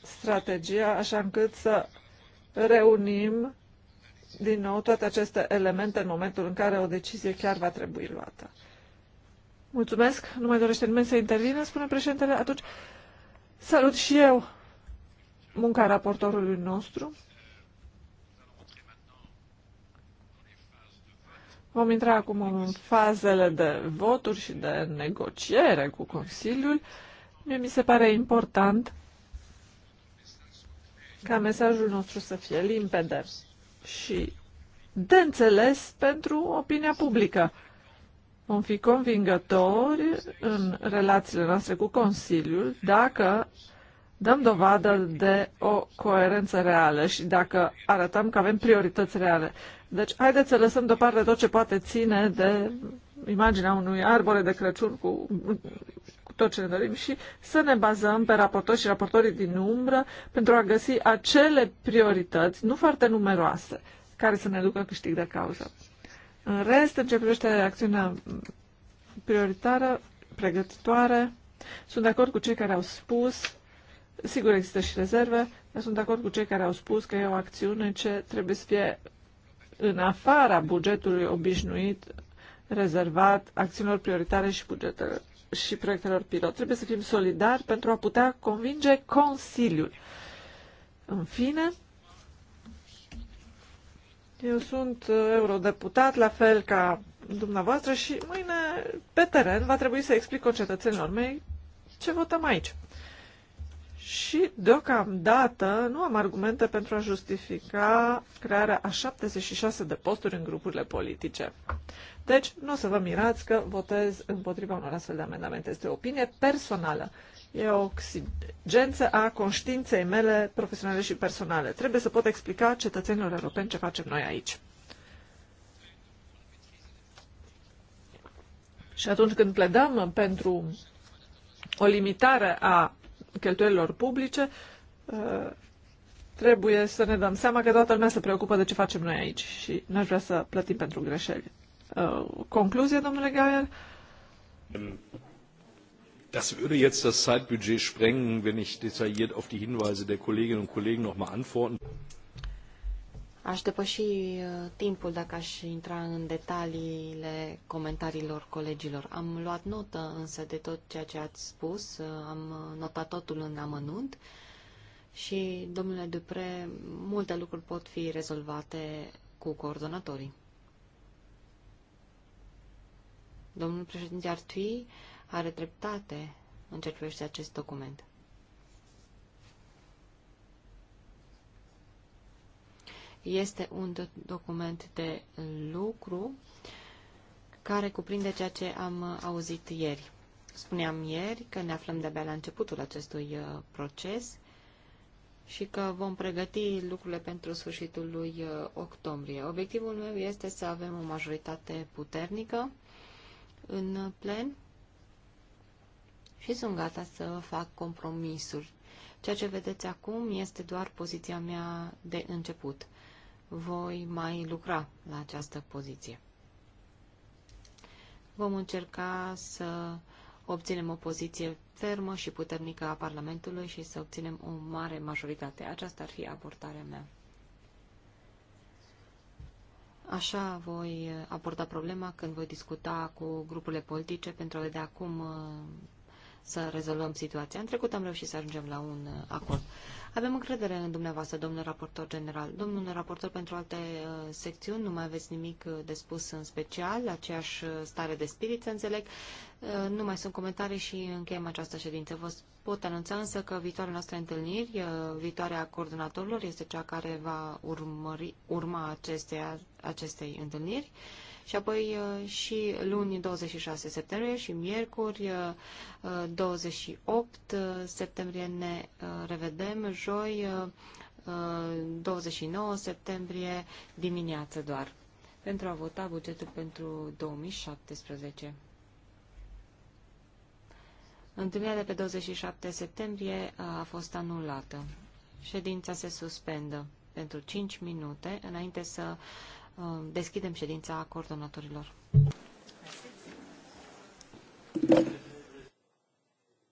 strategia așa încât să reunim din nou toate aceste elemente în momentul în care o decizie chiar va trebui luată. Mulțumesc. Nu mai dorește nimeni să intervină, spune președintele. Atunci Salut și eu munca raportorului nostru. Vom intra acum în fazele de voturi și de negociere cu Consiliul. Mie mi se pare important ca mesajul nostru să fie limpede și de înțeles pentru opinia publică vom fi convingători în relațiile noastre cu Consiliul dacă dăm dovadă de o coerență reală și dacă arătăm că avem priorități reale. Deci, haideți să lăsăm deoparte tot ce poate ține de imaginea unui arbore de Crăciun cu, cu tot ce ne dorim și să ne bazăm pe raportori și raportorii din umbră pentru a găsi acele priorități, nu foarte numeroase, care să ne ducă câștig de cauză. În rest, în ce privește acțiunea prioritară, pregătitoare, sunt de acord cu cei care au spus, sigur există și rezerve, dar sunt de acord cu cei care au spus că e o acțiune ce trebuie să fie în afara bugetului obișnuit, rezervat acțiunilor prioritare și bugetelor și proiectelor pilot. Trebuie să fim solidari pentru a putea convinge Consiliul. În fine, eu sunt uh, eurodeputat, la fel ca dumneavoastră, și mâine, pe teren, va trebui să explic concetățenilor mei ce votăm aici. Și, deocamdată, nu am argumente pentru a justifica crearea a 76 de posturi în grupurile politice. Deci, nu o să vă mirați că votez împotriva unor astfel de amendamente. Este o opinie personală. E o exigență a conștiinței mele profesionale și personale. Trebuie să pot explica cetățenilor europeni ce facem noi aici. Și atunci când pledăm pentru o limitare a cheltuielilor publice, ă, trebuie să ne dăm seama că toată lumea se preocupă de ce facem noi aici și n-aș vrea să plătim pentru greșeli. Ă, concluzie, domnule Gaier? Das würde jetzt das Zeitbudget sprengen, wenn ich detailliert auf die Hinweise der Kolleginnen und Kollegen nochmal antworten. Aș depăși uh, timpul dacă aș intra în detaliile comentariilor colegilor. Am luat notă însă de tot ceea ce ați spus, uh, am notat totul în amănunt și, domnule Dupre, multe lucruri pot fi rezolvate cu coordonatorii. Domnul președinte Artui, are dreptate în ce privește acest document. Este un document de lucru care cuprinde ceea ce am auzit ieri. Spuneam ieri că ne aflăm de-abia la începutul acestui uh, proces și că vom pregăti lucrurile pentru sfârșitul lui uh, octombrie. Obiectivul meu este să avem o majoritate puternică în plen și sunt gata să fac compromisuri. Ceea ce vedeți acum este doar poziția mea de început. Voi mai lucra la această poziție. Vom încerca să obținem o poziție fermă și puternică a Parlamentului și să obținem o mare majoritate. Aceasta ar fi abordarea mea. Așa voi aborda problema când voi discuta cu grupurile politice pentru a vedea cum să rezolvăm situația. În trecut am reușit să ajungem la un uh, acord. Avem încredere în dumneavoastră, domnul raportor general. Domnul raportor, pentru alte uh, secțiuni nu mai aveți nimic uh, de spus în special, aceeași stare de spirit, să înțeleg. Nu mai sunt comentarii și încheiem această ședință. Vă pot anunța însă că viitoarea noastră întâlniri, viitoarea coordonatorilor, este cea care va urmări, urma acestei acestei întâlniri și apoi uh, și luni 26 septembrie și miercuri 28 uh, uh, septembrie ne revedem, joi 29 septembrie dimineață doar pentru a vota bugetul pentru 2017. Întâlnirea de pe 27 septembrie a fost anulată. Ședința se suspendă pentru 5 minute înainte să deschidem ședința coordonatorilor.